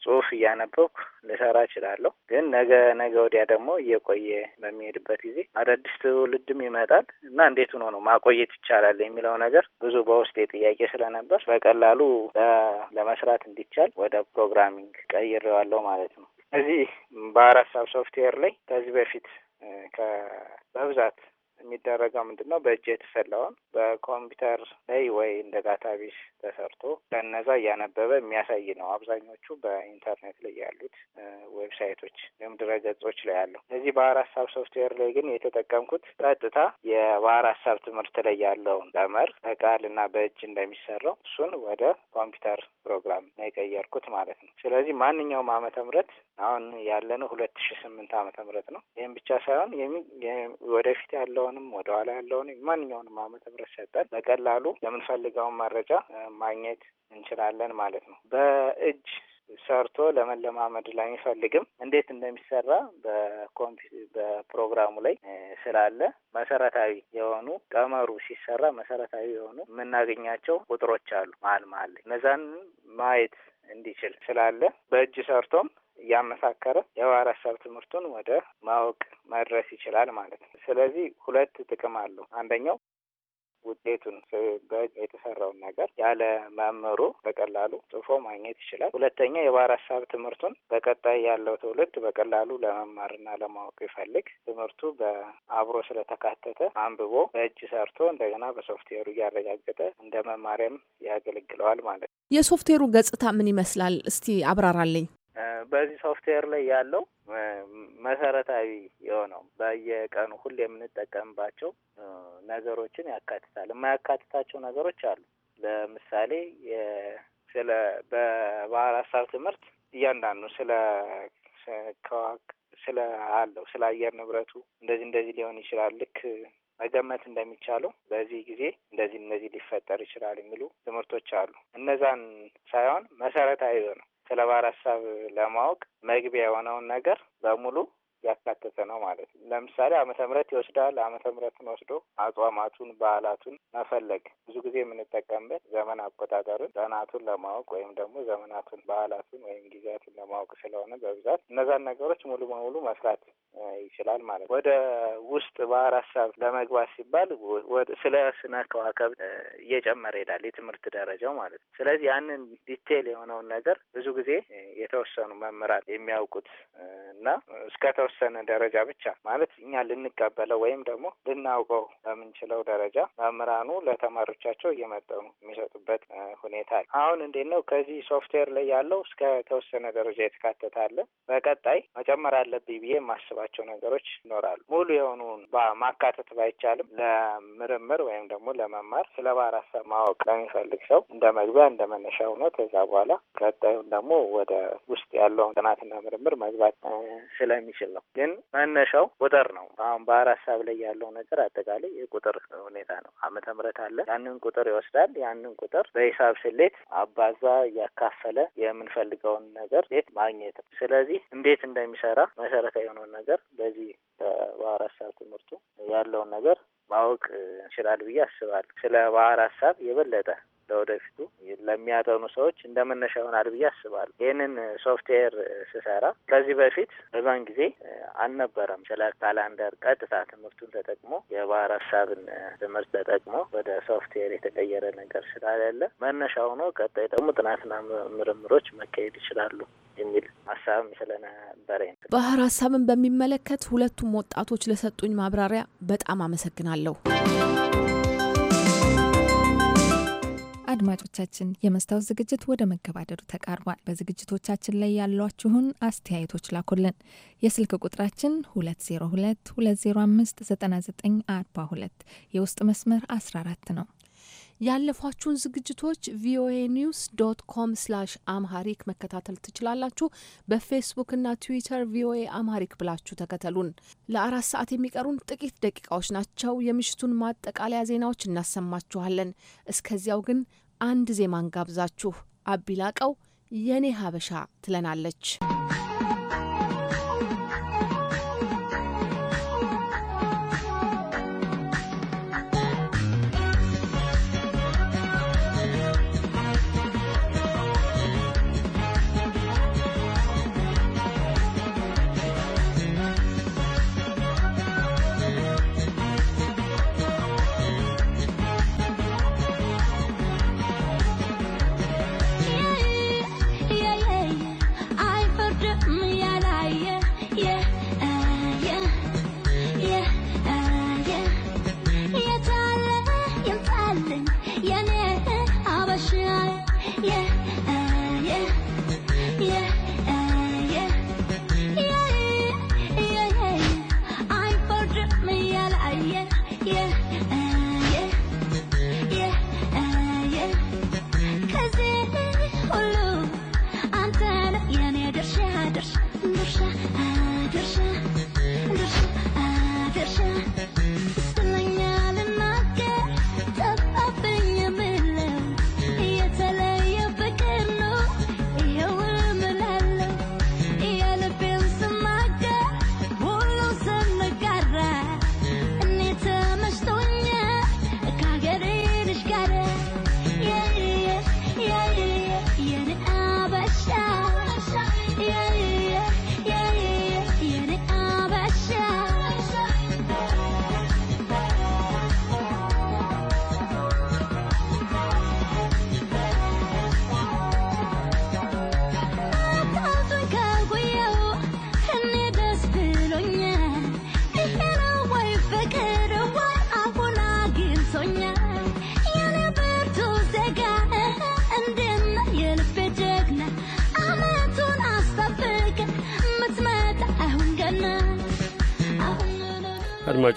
ጽሁፍ እያነበብኩ ልሰራ እችላለሁ። ግን ነገ ነገ ወዲያ ደግሞ እየቆየ በሚሄድበት ጊዜ አዳዲስ ትውልድም ይመጣል እና እንዴት ሆኖ ነው ማቆየት ይቻላል የሚለው ነገር ብዙ በውስጤ ጥያቄ ስለነበር በቀላሉ ለመስራት እንዲቻል ወደ ፕሮግራሚንግ ቀይሬዋለሁ ማለት ነው። እዚህ በአራት ሳብ ሶፍትዌር ላይ ከዚህ በፊት በብዛት የሚደረገው ምንድን ነው? በእጅ የተሰላውን በኮምፒውተር ላይ ወይ እንደ ዳታቤዝ ተሰርቶ ለነዛ እያነበበ የሚያሳይ ነው። አብዛኞቹ በኢንተርኔት ላይ ያሉት ዌብሳይቶች ወይም ድረገጾች ላይ ያለው እዚህ ባህር ሀሳብ ሶፍትዌር ላይ ግን የተጠቀምኩት ቀጥታ የባህር ሀሳብ ትምህርት ላይ ያለውን ቀመር በቃል እና በእጅ እንደሚሰራው እሱን ወደ ኮምፒውተር ፕሮግራም ነው የቀየርኩት ማለት ነው። ስለዚህ ማንኛውም ዓመተ ምህረት አሁን ያለነው ሁለት ሺ ስምንት ዓመተ ምህረት ነው። ይህም ብቻ ሳይሆን ወደፊት ያለውን ያለውንም ወደኋላ ያለውን ማንኛውንም አመተ ምሕረት ሰጠን በቀላሉ የምንፈልገውን መረጃ ማግኘት እንችላለን ማለት ነው። በእጅ ሰርቶ ለመለማመድ ላይ እንዴት እንደሚሰራ በፕሮግራሙ ላይ ስላለ መሰረታዊ የሆኑ ቀመሩ ሲሰራ መሰረታዊ የሆኑ የምናገኛቸው ቁጥሮች አሉ መሀል መሀል እነዛን ማየት እንዲችል ስላለ በእጅ ሰርቶም እያመሳከረ የባህር ሀሳብ ትምህርቱን ወደ ማወቅ መድረስ ይችላል ማለት ነው። ስለዚህ ሁለት ጥቅም አለው። አንደኛው ውጤቱን በእጅ የተሰራውን ነገር ያለ መምህሩ በቀላሉ ጽፎ ማግኘት ይችላል። ሁለተኛ የባህር ሀሳብ ትምህርቱን በቀጣይ ያለው ትውልድ በቀላሉ ለመማርና ለማወቅ ይፈልግ ትምህርቱ በአብሮ ስለተካተተ አንብቦ በእጅ ሰርቶ እንደገና በሶፍትዌሩ እያረጋገጠ እንደ መማሪያም ያገለግለዋል ማለት ነው። የሶፍትዌሩ ገጽታ ምን ይመስላል? እስቲ አብራራለኝ። በዚህ ሶፍትዌር ላይ ያለው መሰረታዊ የሆነው በየቀኑ ሁሌ የምንጠቀምባቸው ነገሮችን ያካትታል። የማያካትታቸው ነገሮች አሉ። ለምሳሌ ስለ በባህር ሀሳብ ትምህርት እያንዳንዱ ስለ ስለ አለው ስለ አየር ንብረቱ እንደዚህ እንደዚህ ሊሆን ይችላል ልክ መገመት እንደሚቻለው በዚህ ጊዜ እንደዚህ እንደዚህ ሊፈጠር ይችላል የሚሉ ትምህርቶች አሉ። እነዛን ሳይሆን መሰረታዊ ነው ስለ ሀሳብ ለማወቅ መግቢያ የሆነውን ነገር በሙሉ ያካተተ ነው ማለት ነው። ለምሳሌ አመተ ምሕረት ይወስዳል። ዓመተ ምህረትን ወስዶ አጽዋማቱን፣ በዓላቱን መፈለግ ብዙ ጊዜ የምንጠቀምበት ዘመን አቆጣጠሩን ጠናቱን ለማወቅ ወይም ደግሞ ዘመናቱን፣ በዓላቱን ወይም ጊዜያቱን ለማወቅ ስለሆነ በብዛት እነዛን ነገሮች ሙሉ በሙሉ መስራት ይችላል ማለት ነው። ወደ ውስጥ ባህር ሀሳብ ለመግባት ሲባል ስለ ስነ ከዋከብ እየጨመረ ይሄዳል የትምህርት ደረጃው ማለት ነው። ስለዚህ ያንን ዲቴል የሆነውን ነገር ብዙ ጊዜ የተወሰኑ መምህራን የሚያውቁት እና እስከተወ በተወሰነ ደረጃ ብቻ ማለት እኛ ልንቀበለው ወይም ደግሞ ልናውቀው በምንችለው ደረጃ መምህራኑ ለተማሪዎቻቸው እየመጠኑ የሚሰጡበት ሁኔታ አለ። አሁን እንዴት ነው ከዚህ ሶፍትዌር ላይ ያለው እስከ ተወሰነ ደረጃ የተካተታለ በቀጣይ መጨመር አለብኝ ብዬ የማስባቸው ነገሮች ይኖራሉ። ሙሉ የሆኑን ማካተት ባይቻልም ለምርምር ወይም ደግሞ ለመማር ስለ ባህር ማወቅ ለሚፈልግ ሰው እንደ መግቢያ እንደ መነሻ ሆኖ ከዛ በኋላ ቀጣዩን ደግሞ ወደ ውስጥ ያለውን ጥናትና ምርምር መግባት ስለሚችል ነው። ያለው ግን መነሻው ቁጥር ነው። አሁን ባህር ሀሳብ ላይ ያለው ነገር አጠቃላይ የቁጥር ሁኔታ ነው። ዓመተ ምህረት አለ። ያንን ቁጥር ይወስዳል። ያንን ቁጥር በሂሳብ ስሌት አባዛ እያካፈለ የምንፈልገውን ነገር ት ማግኘት ነው። ስለዚህ እንዴት እንደሚሰራ መሰረታዊ የሆነውን ነገር በዚህ በባህር ሀሳብ ትምህርቱ ያለውን ነገር ማወቅ እንችላል ብዬ አስባለሁ። ስለ ባህር ሀሳብ የበለጠ ለወደፊቱ ለሚያጠኑ ሰዎች እንደ መነሻ ይሆናል ብዬ አስባለሁ። ይህንን ሶፍትዌር ስሰራ ከዚህ በፊት በዛን ጊዜ አልነበረም። ስለ ካላንደር ቀጥታ ትምህርቱን ተጠቅሞ የባህር ሀሳብን ትምህርት ተጠቅሞ ወደ ሶፍትዌር የተቀየረ ነገር ስላሌለ መነሻ ሆኖ ቀጣይ ደግሞ ጥናትና ምርምሮች መካሄድ ይችላሉ የሚል ሀሳብም ስለነበረኝ ባህር ሀሳብን በሚመለከት ሁለቱም ወጣቶች ለሰጡኝ ማብራሪያ በጣም አመሰግናለሁ። አድማጮቻችን የመስታወት ዝግጅት ወደ መገባደዱ ተቃርቧል። በዝግጅቶቻችን ላይ ያሏችሁን አስተያየቶች ላኩልን። የስልክ ቁጥራችን 2022059942 የውስጥ መስመር 14 ነው። ያለፏችሁን ዝግጅቶች ቪኦኤ ኒውስ ዶት ኮም ስላሽ አምሃሪክ መከታተል ትችላላችሁ። በፌስቡክና ትዊተር ቪኦኤ አምሃሪክ ብላችሁ ተከተሉን። ለአራት ሰዓት የሚቀሩን ጥቂት ደቂቃዎች ናቸው። የምሽቱን ማጠቃለያ ዜናዎች እናሰማችኋለን። እስከዚያው ግን አንድ ዜማን ጋብዛችሁ አቢላቀው የኔ ሀበሻ ትለናለች።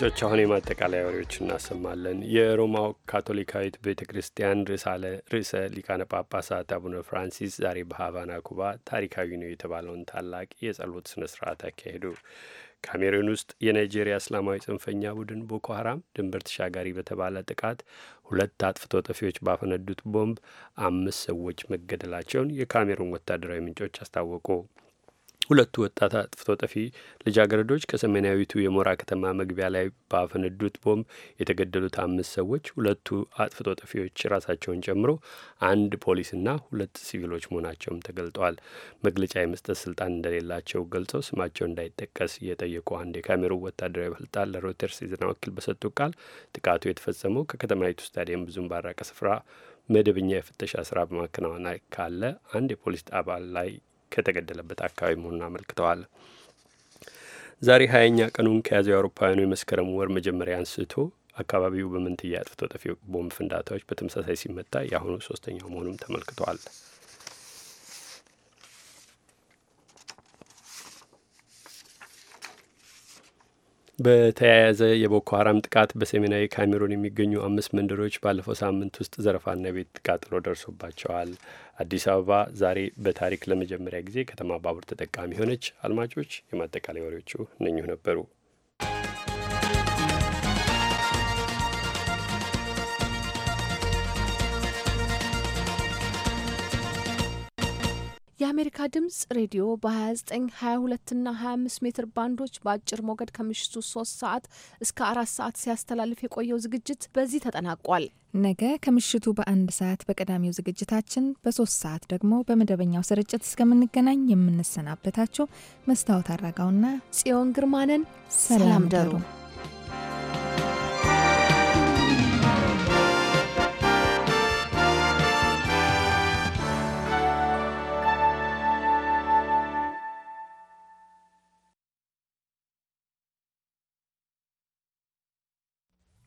አድማጮች አሁን የማጠቃለያ ወሬዎች እናሰማለን። የሮማው ካቶሊካዊት ቤተ ክርስቲያን ርዕሰ ሊቃነ ጳጳሳት አቡነ ፍራንሲስ ዛሬ በሀቫና ኩባ ታሪካዊ ነው የተባለውን ታላቅ የጸሎት ስነ ስርዓት አካሄዱ። ካሜሩን ውስጥ የናይጄሪያ እስላማዊ ጽንፈኛ ቡድን ቦኮ ሀራም ድንበር ተሻጋሪ በተባለ ጥቃት ሁለት አጥፍቶ ጠፊዎች ባፈነዱት ቦምብ አምስት ሰዎች መገደላቸውን የካሜሩን ወታደራዊ ምንጮች አስታወቁ። ሁለቱ ወጣት አጥፍቶ ጠፊ ልጃገረዶች ከሰሜናዊቱ የሞራ ከተማ መግቢያ ላይ ባፈነዱት ቦምብ የተገደሉት አምስት ሰዎች ሁለቱ አጥፍቶ ጠፊዎች ራሳቸውን ጨምሮ አንድ ፖሊስና ሁለት ሲቪሎች መሆናቸውም ተገልጠዋል። መግለጫ የመስጠት ስልጣን እንደሌላቸው ገልጸው ስማቸው እንዳይጠቀስ የጠየቁ አንድ የካሜሩ ወታደራዊ ባለስልጣን ለሮይተርስ የዜና ወኪል በሰጡት ቃል ጥቃቱ የተፈጸመው ከከተማይቱ ስታዲየም ብዙም ባራቀ ስፍራ መደበኛ የፍተሻ ስራ በማከናወን ካለ አንድ የፖሊስ ጣቢያ ላይ ከተገደለበት አካባቢ መሆኑን አመልክተዋል። ዛሬ ሀያኛ ቀኑን ከያዘው የአውሮፓውያኑ የመስከረም ወር መጀመሪያ አንስቶ አካባቢው በምንትያ አጥፍቶ ጠፊ ቦምብ ፍንዳታዎች በተመሳሳይ ሲመታ የአሁኑ ሶስተኛው መሆኑም ተመልክተዋል። በተያያዘ የቦኮ ሀራም ጥቃት በሰሜናዊ ካሜሩን የሚገኙ አምስት መንደሮች ባለፈው ሳምንት ውስጥ ዘረፋና ቤት ቃጠሎ ደርሶባቸዋል። አዲስ አበባ ዛሬ በታሪክ ለመጀመሪያ ጊዜ ከተማ ባቡር ተጠቃሚ ሆነች። አድማጮች፣ የማጠቃለያ ወሬዎቹ እነኚሁ ነበሩ። የአሜሪካ ድምጽ ሬዲዮ በ 2922 ና 25 ሜትር ባንዶች በአጭር ሞገድ ከምሽቱ 3 ሰዓት እስከ አራት ሰዓት ሲያስተላልፍ የቆየው ዝግጅት በዚህ ተጠናቋል። ነገ ከምሽቱ በአንድ ሰዓት በቀዳሚው ዝግጅታችን፣ በሶስት ሰዓት ደግሞ በመደበኛው ስርጭት እስከምንገናኝ የምንሰናበታቸው መስታወት አራጋውና ጽዮን ግርማንን ሰላም ደሩ።